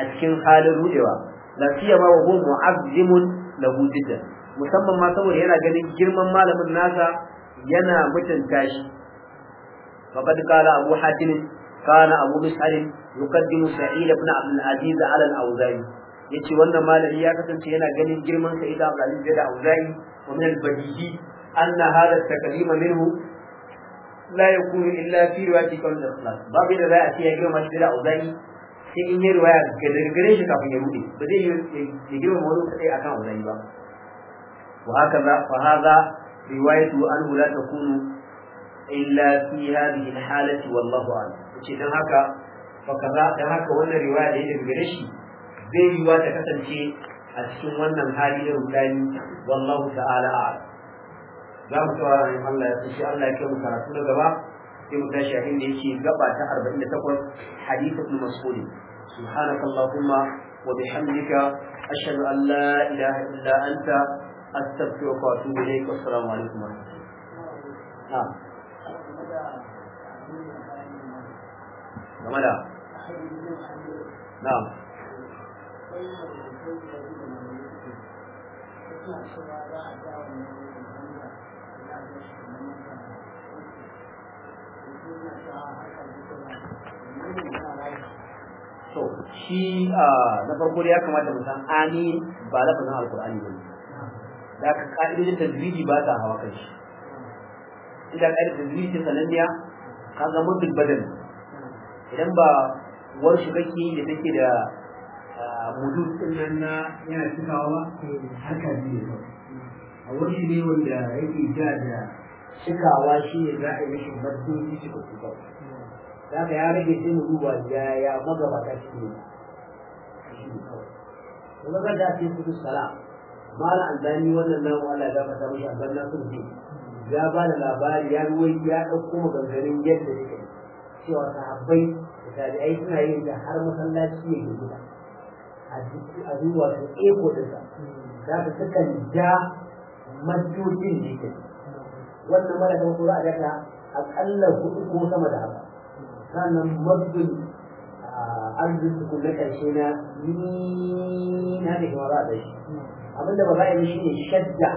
S1: a cikin halin rudewa la siyama wa huwa mu'azzimun lahu jiddan musamman ma saboda yana ganin girman malamin nasa yana mutunta shi faqad qala abu hatim kana abu mus'al yuqaddimu sa'id ibn abd al-aziz ala al-awza'i yace wannan malami ya kasance yana ganin girman sa ida abd al-aziz da awza'i wa min al-badihi anna hadha at-taklima minhu la yakunu illa fi riwayati kawl al-ikhlas babu da za a ce ya girma shi da awza'i sai in yi riwaya gare shi kafin ya rude ba zai yi girma wani kadai akan awza'i ba وهكذا haza. riwayatu anhu la takunu illa fi hadhihi alhalati wallahu a'lam ce dan haka fa kaza dan haka wannan riwaya da yake gare shi zai yiwa ta kasance a cikin wannan hali da rudani wallahu ta'ala a'lam za mu tsara in Allah ya tsashi Allah ya kai mu karatu na gaba sai mu tashi abin da yake gaba ta 48 hadithu ibn mas'ud subhanakallahumma wa bihamdika ashhadu an la ilaha illa anta astaghfiruka wa atubu ilayk assalamu alaikum wa na'am da so shi ah, na farko da ya kamata mu san amin ba lafazin alkur'ani ba ne da aka ka'idojin tajwidi ba ta hawa kai shi idan ka'idar tajwidi ta sananniya ka ga mutum badan. idan ba war shi kake da take da mudud din nan na yana cikawa ba haka ne a wani ne wanda yake ja da cikawa shi ne za a yi shi maddoji suka ba da ka ya rage sai mu duba ya magabata shi ne kuma ga da ake kudu salam mara albani wannan namu Allah ya fata mishi albani sun kurfi ya ba da labari ya ruwai ya ɗauko maganganun yadda yake cewa sahabbai da tabi'ai suna yin da har masallaci ya ke gida a zuwa su eko ɗinsa za ta sukan ja majojin jikin wannan mara kan kura a daga aƙalla hudu ko sama da haka sannan a arzikin na ƙarshe na ni na ne kamar a shi. abinda ba za a yi shi ne shadda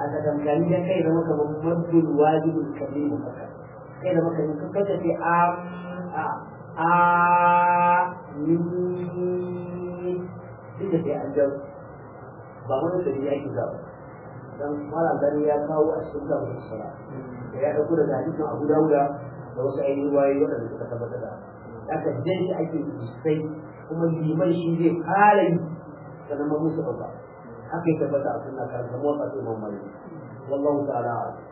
S1: a tsakankani da kai zama kamar mabbul wajibul kabiru kai zama kamar kun kai tafi a a ni duk da sai an jawo ba wani da ya yi zaɓa dan mara gani ya kawo a cikin zaɓa da sara da ya ɗauko daga hadisin abu dawuda da wasu ainihin wayoyi waɗanda suka tabbatar da haka jan shi ake sosai kuma liman shi zai fara yi sannan ma musu babba حقيقة تعطينا كان الموضع في والله تعالى أعلم